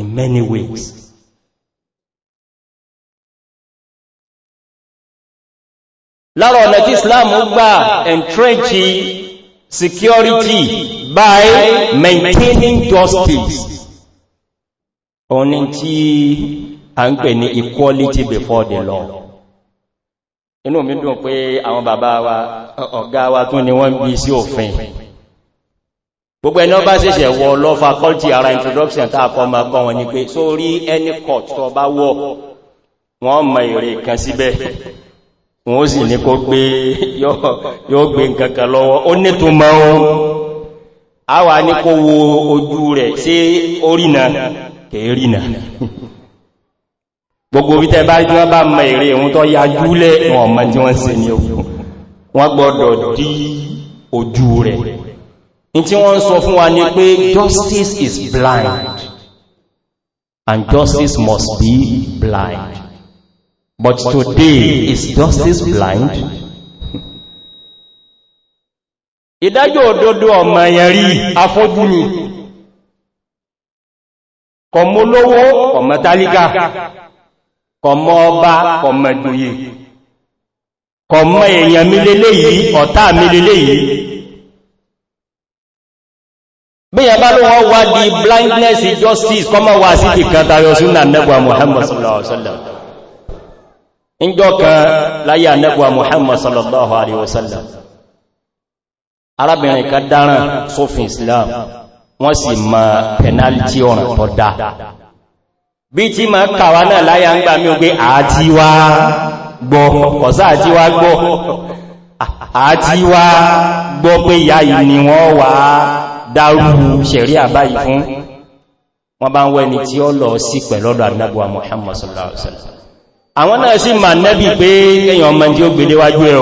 in many ways lára ọ̀nà tí islam gbà entrenchi security by maintaining justice ọ̀nà tí a ń pè ní equality before the law inú mi dùn pé àwọn bàbá wa ọ̀gá wa tún ni wọ́n bí sí òfin gbogbo ẹni ọba ṣẹ̀ṣẹ̀ wọ law faculty ara introduction tàà kọ ma kọ wọn ni pé sórí any court tó bá wọ́ wọ́n mọ̀ èrè kan síbẹ̀ wọ́n ó sì ní kó gbé yóò gbé nkankan lọ́wọ́ ó ní tó máa ń a wà ní kó wo ojú rẹ̀ sí orínà kèrínà gbogbo bí tẹ́ bá rí wọ́n bá mọ èrè ohun tó ya júlẹ̀ wọn mọ́ tí wọ́n se ní ogun wọ́n gbọ́dọ̀ dí ojú rẹ̀ in tí wọ́n sọ fún wa ní justice is blind and justice must be blind But today is justice blind. Ìdájọ́ òdodo ọmọ ẹ̀yàn rí afọ́jú ni. Kọmọ olówó, kọmọ tálíkà, kọmọ ọba, kọmọ ìgbòye. Kọmọ èèyàn mi yìí, ọ̀tá mi lélé yìí. Bíyàn bá ló wọ́n wá di blindness justice kọmọ wá sí ìkàntayọ̀ súnà nẹ́gbà Muhammad sallallahu Alaihi Wasallam ìjọ kan láyé anẹ́bùwa Muhammad sallallahu alaihi wasallam arábìnrin kan dáràn sófin Islam wọ́n sì ma penalty ọ̀ràn tó dá bí tí ma kàwà náà láyé ń gbà mí o pé àti wá gbọ́ ọ̀sá àti wá gbọ́ àti wá gbọ́ pé ìyá yìí ni wọ́n wà dárú ṣẹ̀rí àbáyìí fún wọ́n bá ń wẹ́ni tí ó lọ sí pẹ̀lọ́dọ̀ annabuwa Muhammad sallallahu alaihi wasallam àwọn náà esi ma nẹ́bì pé èyàn ọmọ jí ó gbèdé wájú ẹ̀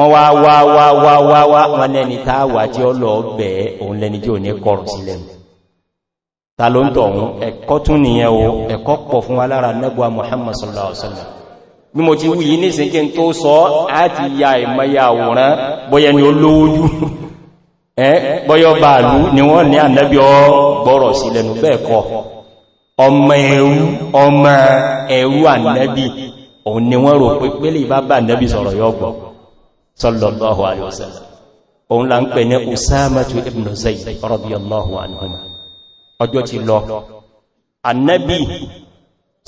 o wọ́n wá wá wá wá wá wá lẹ́ni táàwà tí ó lọ bẹ̀ òun lẹ́ni tí ò ní kọrù sílẹ̀ ta ló ń tọ̀hún ẹ̀kọ́ tún nìyẹn o ẹ̀kọ́ pọ̀ fún wa lára nẹ́gbà sallallahu alaihi ti ya ọmọ ẹ̀rú ọmọ ẹ̀rú ànẹ́bí òun ni wọ́n rò pé pẹ́lẹ̀ bá bá ànẹ́bí sọ̀rọ̀ yọ́gbọ̀ sallallahu alaihi wasallam òun la ń pè ní usamatu ibn zayd radiyallahu anhuma ọjọ́ ti lọ ànẹ́bí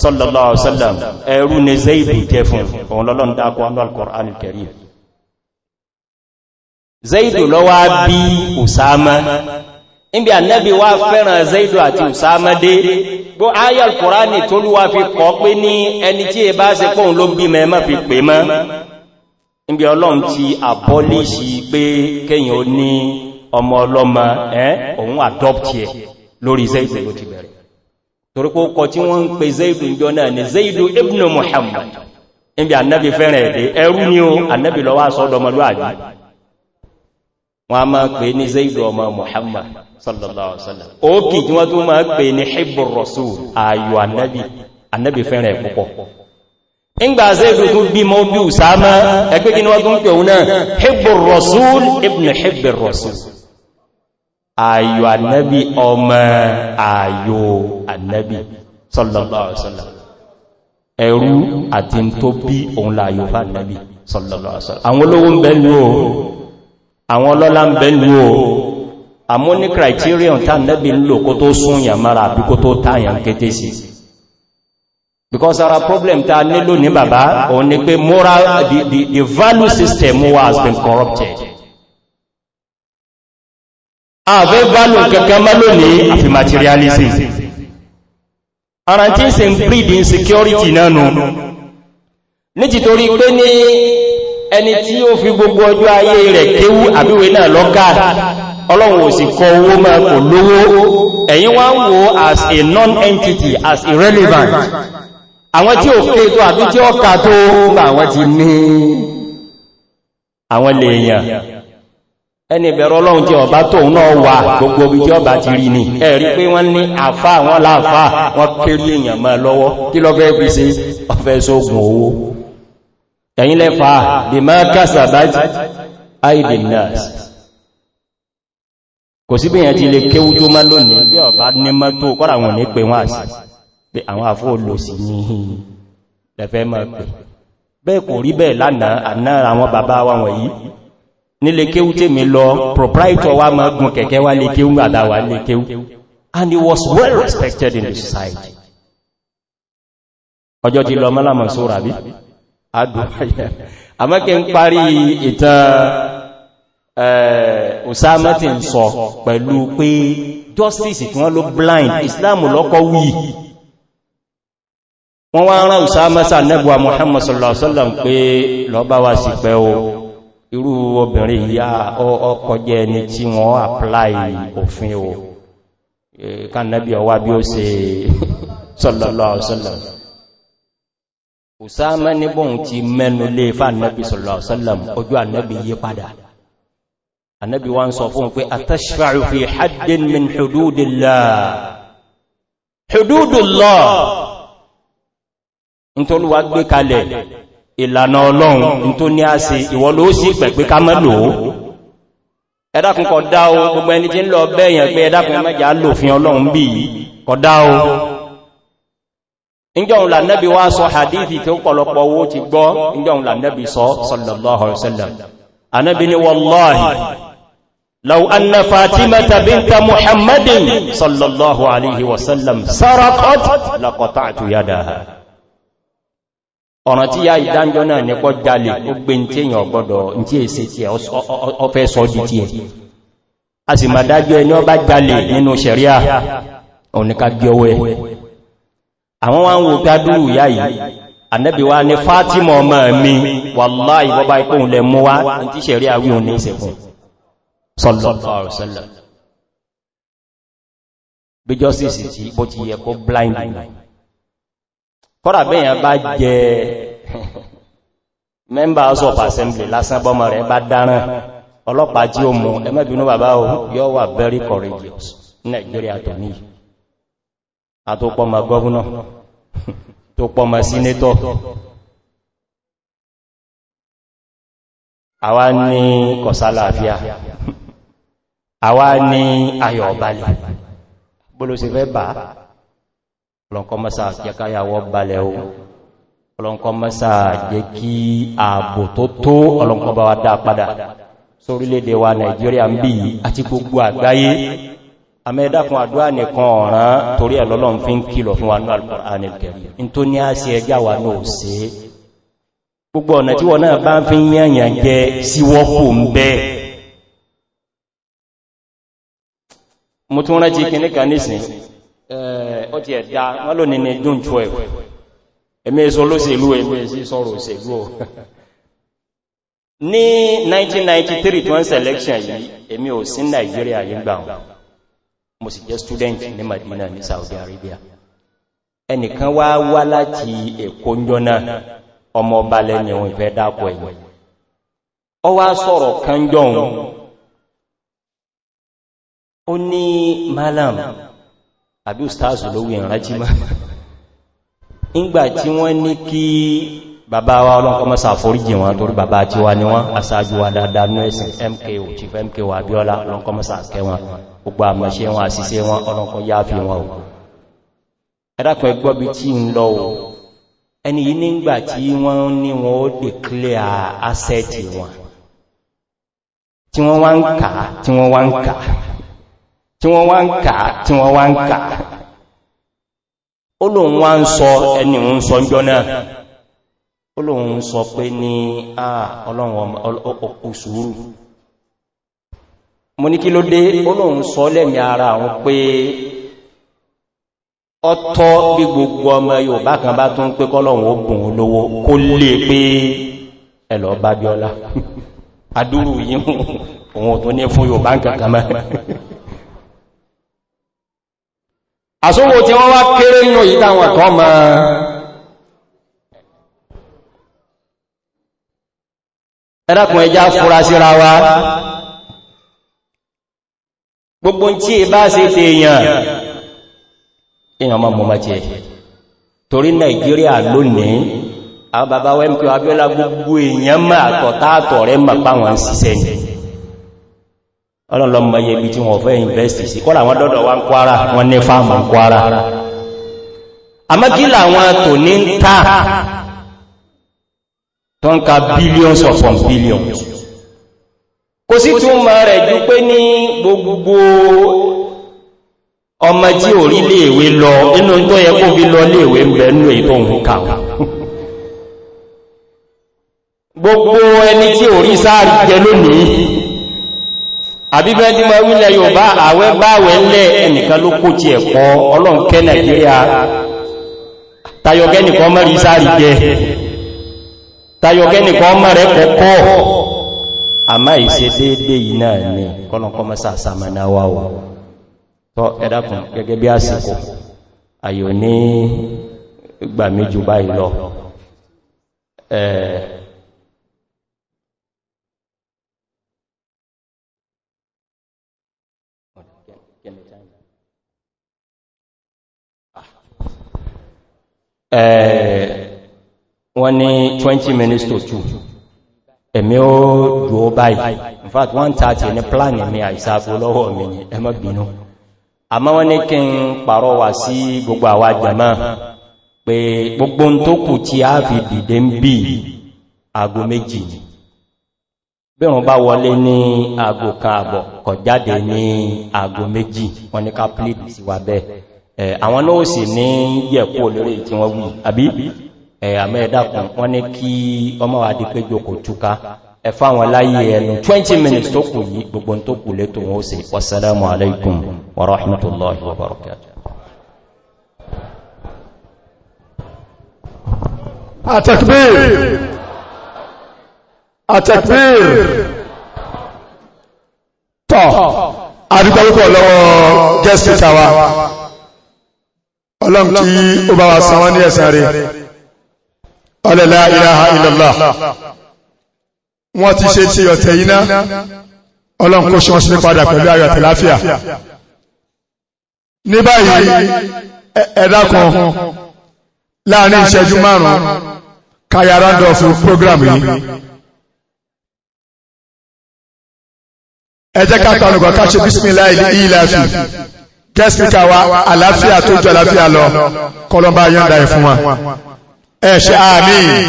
sallallahu alaihi wasallam ẹ̀rú ni Zaidu lọ wá bí Usama níbi ànẹ́bí wá fẹ́ràn zaidu àti ìsámẹ́dé bó ayà kùránì tó lúwà fi kọ́ pé ní ẹni tí è bá se kóhun ló bí mẹ́mọ́ fi pè mọ́ níbi ọlọ́run ti àbọ́líṣì pé kéyàn ó ní ọmọ ọlọ́mọ ẹ́ òun adọ́pti ẹ̀ lórí zaidu ló ti bẹ̀rẹ̀ wọ́n a máa pè ní zaidu ọmọ muhammad sallallahu alaihi wasallam ókì tí wọ́n tún máa pè ní hibbu rasul ayò annabi annabi fẹ́rẹ̀ púpọ̀ ìgbà zaidu tún bí mọ́ bí usama ẹgbẹ́ kí ni wọ́n tún pè wọ́n náà hibbu rasul ibn hibbu rasul ayò annabi ọmọ ayò annabi sallallahu alaihi wasallam àti tó bí àwọn ọlọ́lá ń bẹ ń lú o àmú ní criterion tá nẹ́bí ń lò kó tó súnyàn mara àbí kó tó táyàn kété sí because our problem ta nílò ní bàbá òun ni pé moral the, the, the value system wa has been corrupted àfẹ́ value kankan mọ́ lónìí àfi materialism ara tí ń se ń breed insecurity náà nù nítorí pé ní ẹni tí ó fi gbogbo ọjọ́ ayé rẹ̀ kéwú àbíwẹ̀ náà lọ́kà ọlọ́run ò sì kọ owó máa kò lówó ẹ̀yin wá ń wo as a non-entity as irrelevant àwọn tí ò ké tó àbí tí ó ká tó bá àwọn ti ní àwọn lè èèyàn ẹni ìbẹ̀rọ ọlọ́run tí ọba tóun náà wà gbogbo ibi tí ọba ti rí ni ẹ̀rí pé wọ́n ní àfá àwọn láàfá wọ́n kéré èèyàn máa lọ́wọ́ kí lọ́fẹ́ fi sí ọfẹ́ sógun owó ẹ̀yìn lẹ́fà bí máa kásà bá àìdì náà kò sí bíyàn ti lè kéwú tó má lónìí bí ọ̀bá ní mọ́tò kọ́rà wọn ní pé wọ́n àsì pé àwọn àfóòlò sí ní lẹ́fẹ́ mọ́ pé bẹ́ẹ̀ kò rí bẹ́ẹ̀ lánàá àwọn bàbá wa wọ̀nyí nílé kéwú tí wa mọ́ and he was well respected in the society ọjọ́ ti lọ mọ́lámọ̀ sóra bí adùnayà àmọ́kẹ́ ń parí ìtàn eh, Usama ti ń sọ pẹ̀lú pé justice tí wọ́n ló blind Islam lọ́kọ́ wí wọ́n wá rán Usama sà nẹ́bùwa Muhammad sallallahu alaihi wasallam pé lọ́bá wa sì o irú obìnrin ya ọkọ̀ jẹ́ ẹni tí wọ́n apply òfin o kan nẹ́bí ọwá sallallahu alaihi Usama níbòun ti mẹ́nu lé fánàbí sallallahu alaihi wasallam ojú ànàbí yí padà. Ànàbí wá ń sọ fún pé, "Atashfa'u fi haddin min hududillah." Hududullah! Nítorí wá gbé kalẹ̀, ìlànà ọlọ́run, nítorí ní a sì ìwọ ló sì pẹ̀pẹ́ ká mẹ́lò ó. Ẹdákun kọ̀dá o, gbogbo ẹni tí ń lọ bẹ́yàn pé ẹdákun mẹ́jà lòfin ọlọ́run bí kọ̀dá o ìjọun lànẹ́bí wá sọ hadithi tí ó pọ̀lọpọ̀ owó ti gbọ́ ìjọun lànẹ́bí sọ sallallahu alaihi wasallam anẹ́bí ni wallahi lau anna fatimata binta muhammadin sallallahu alaihi wasallam sarakot lakota'tu yadaha ọ̀ràn tí ya ìdánjọ́ náà nípọ̀ jalè ó gbé ní tí èyàn ọgbọ́dọ̀ ní tí èsì tí ọfẹ́ sọ di tí ẹ̀ a àwọn wá ń wo gbádùrù yá yìí ànẹ́bí wá ní fátímọ̀ ọmọ mi wàlá ìwọba ipòhùn lẹ mú wá tí ṣẹ̀rí àwíhùn ní ìsẹ̀kùn sọ́lọ̀lọ́rọ̀sẹ́lẹ̀ blind kọ́rà bẹ́yàn bá jẹ mẹ́mbà house of assembly lásán bọ́mọ rẹ̀ bá dáràn ọlọ́pàá very courageous nigeria tó níyìí àtòpọ̀mà gọ́gúnà tó pọ̀mà sínétọ̀ àwá ní kọ̀sálàáfíà àwá ní ayọ̀ ọ̀balẹ̀ bóló sí fẹ́ bà ọlọ́nkọ́ mọ́sá jẹ́káyàwó balẹ̀ o ọlọ́nkọ́ mọ́sá jẹ́ kí ààbò tó tó ọlọ́nkọ́ bá dá padà sórílẹ̀-èdè wa nàìjíríà ń bí àti gbogbo àgbáyé àmẹ́dàkùn àdúrà nìkan ọ̀ràn torí ẹ̀lọ́lọ́n fi ń kìlọ̀ fún wa ní alkùnrin in tó ní àṣẹ ẹjá sí gbogbo ọ̀nà tí wọ́n náà bá ń fi yẹ̀yàn jẹ síwọ́pù ń bẹ́ ní 1993 tí wọ́n yìí èmi ò sí mo sì jẹ́ student ní madina ní saudi arabia ẹnìkan wá wá láti èkó jọna ọmọ ọba lẹ́ni ohun ìfẹ́ dápọ̀ ẹ̀yìn ọ wá sọ̀rọ̀ kan jọun ó ní malam àbí ustaz olówó ìrántí ma ńgbà tí wọ́n ní kí bàbá wa ọlọ́nkọ́ mọ́sà àforíjì wọn torí bàbá tí wá ní wọ́n asájú wa dáadáa ní ẹ̀sìn mko chief mko abiola ọlọ́nkọ́ mọ́sà àkẹwọn gbogbo àmàṣe wọn àṣìṣe wọn ọlọ́kọ̀ yá fi wọn ò ẹ̀dàkùn ẹgbọ́bi tí ń lọ ò ẹni yìí nígbà tí wọ́n ní wọn ó declare asset wọn tí wọ́n wá ń kà tí wọ́n wá ń kà tí wọ́n wá ń kà tí wọ́n wá ń kà ó lóun wá ń sọ ẹni òun sọ jọ náà ó lóun sọ pé ní àà ah, ọlọ́run ọkùn sùúrù mo ní kí ló dé olóhun sọ lẹ́mí ara àwọn pé ọ̀tọ̀ bí gbogbo ọmọ Yorùbá kan bá tún pé kọ́lọ̀hun ó bùn olówó kó lè e pé ẹ̀lọ bá bí ọlá adúrú yìí ohun tó ní fún Yorùbá kankan mẹ́ àsówò tí wọ́n wá kéré nínú yìí táwọn kan gbogbo tí è bá ṣe tè èyàn èyàn ma mọ̀ torí nàìjíríà lónìí àwọn bàbá wẹ́mkí abẹ́lá gbogbo èyàn ma àtọ̀tààtọ̀ rẹ̀ ma pa wọn síṣẹ́ ni ọlọ́lọ́mọ yẹ ibi tí wọ́n fẹ́ investi sí kọ́lá wọn dọ́dọ̀ wá ń kwara wọn ní fáàmù ń kwara tò ní kò sí túnmọ̀ rẹ̀ jú pé ní gbogbo ọmọ tí ò rí léèwé lọ inú tó yẹ kó fi lọ léèwé ń bẹ nú ètò òun ká gbogbo ẹni tí ò rí sáàrí jẹ lónìí àbíbẹ́ tí ma wílẹ̀ yóò bá àwẹ́ báwẹ̀ ńlẹ̀ ẹnìkan ló kó ti ẹ̀kọ́ ọlọ́nkẹ́ nàìjíríà tayọ̀gẹ́ nìkan mẹ́rin sáàrí jẹ tayọ̀gẹ́ nìkan mẹ́rẹ̀ àmá ìṣe déédé yìí náà ni kọ́lọ̀kọ́ mọ́sá sàmànáwà wà tọ́ ẹ̀dàkùn gẹ́gẹ́ bí àsìkò àyò ní gbà méjì báyìí lọ wọ́n ní 20 minutes to 2 èmi ó dùó báyìí in fact one thirty ní plan mi àìsàgbó lọ́wọ́ mi ni ẹ má bínú àmọ́ wọ́n ní kí n pàrọ̀ wà sí gbogbo àwa jàmá pé gbogbo ń tó kù tí a fi dìde ń bí aago méjì ni bí wọ́n bá wọlé ní aago kan àbọ̀ kọ̀ jáde ní aago méjì wọ́n ní ká plébì sí bẹ́ẹ̀ àwọn náà sì ní yẹ̀kú olórí tí wọ́n wù àbí àmẹ́ ẹ̀dàkùn wọ́n ní kí ọmọ wà dí pé jòkó túká ẹ̀fà àwọn láyé ẹnu 20 minutes tó kù yí gbogbo tó kù létò wọ́n sì wassalamu alaikum wa rahmatullahi wa barakatuh atakbir atakbir tọ́ àdúgbàlúkọ̀ lọ́wọ́ guest teacher wa ọlọ́m kí ó bá wa sanwọ́ ní ẹ̀sàn rẹ̀ ọlọ́lá ìlàhà ìlọ́lá wọ́n ti ṣe ti ọ̀tẹ̀ iná ọlọ́run kó ṣe wọ́n sí padà pẹ̀lú ayọ̀ àti láfíà ní báyìí ẹ̀dá kan láàrin ìṣẹ́jú márùn-ún káyà randolph program yìí ẹ jẹ́ ká tanùgbà ṣe bísmìlá ìlàfì gẹ́sìkà wa àlàáfíà tó jọ àlàáfíà lọ kọlọ́mbà yọ̀ǹda ẹ̀ wa. ايش امين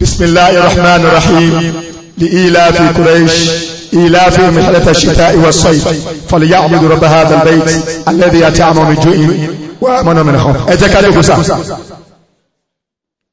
بسم الله الرحمن الرحيم لإيلاف قريش إيلافهم محلة الشتاء والصيف فليعبدوا رب هذا البيت الذي أتعم من جوع وآمن من خوف أتكلم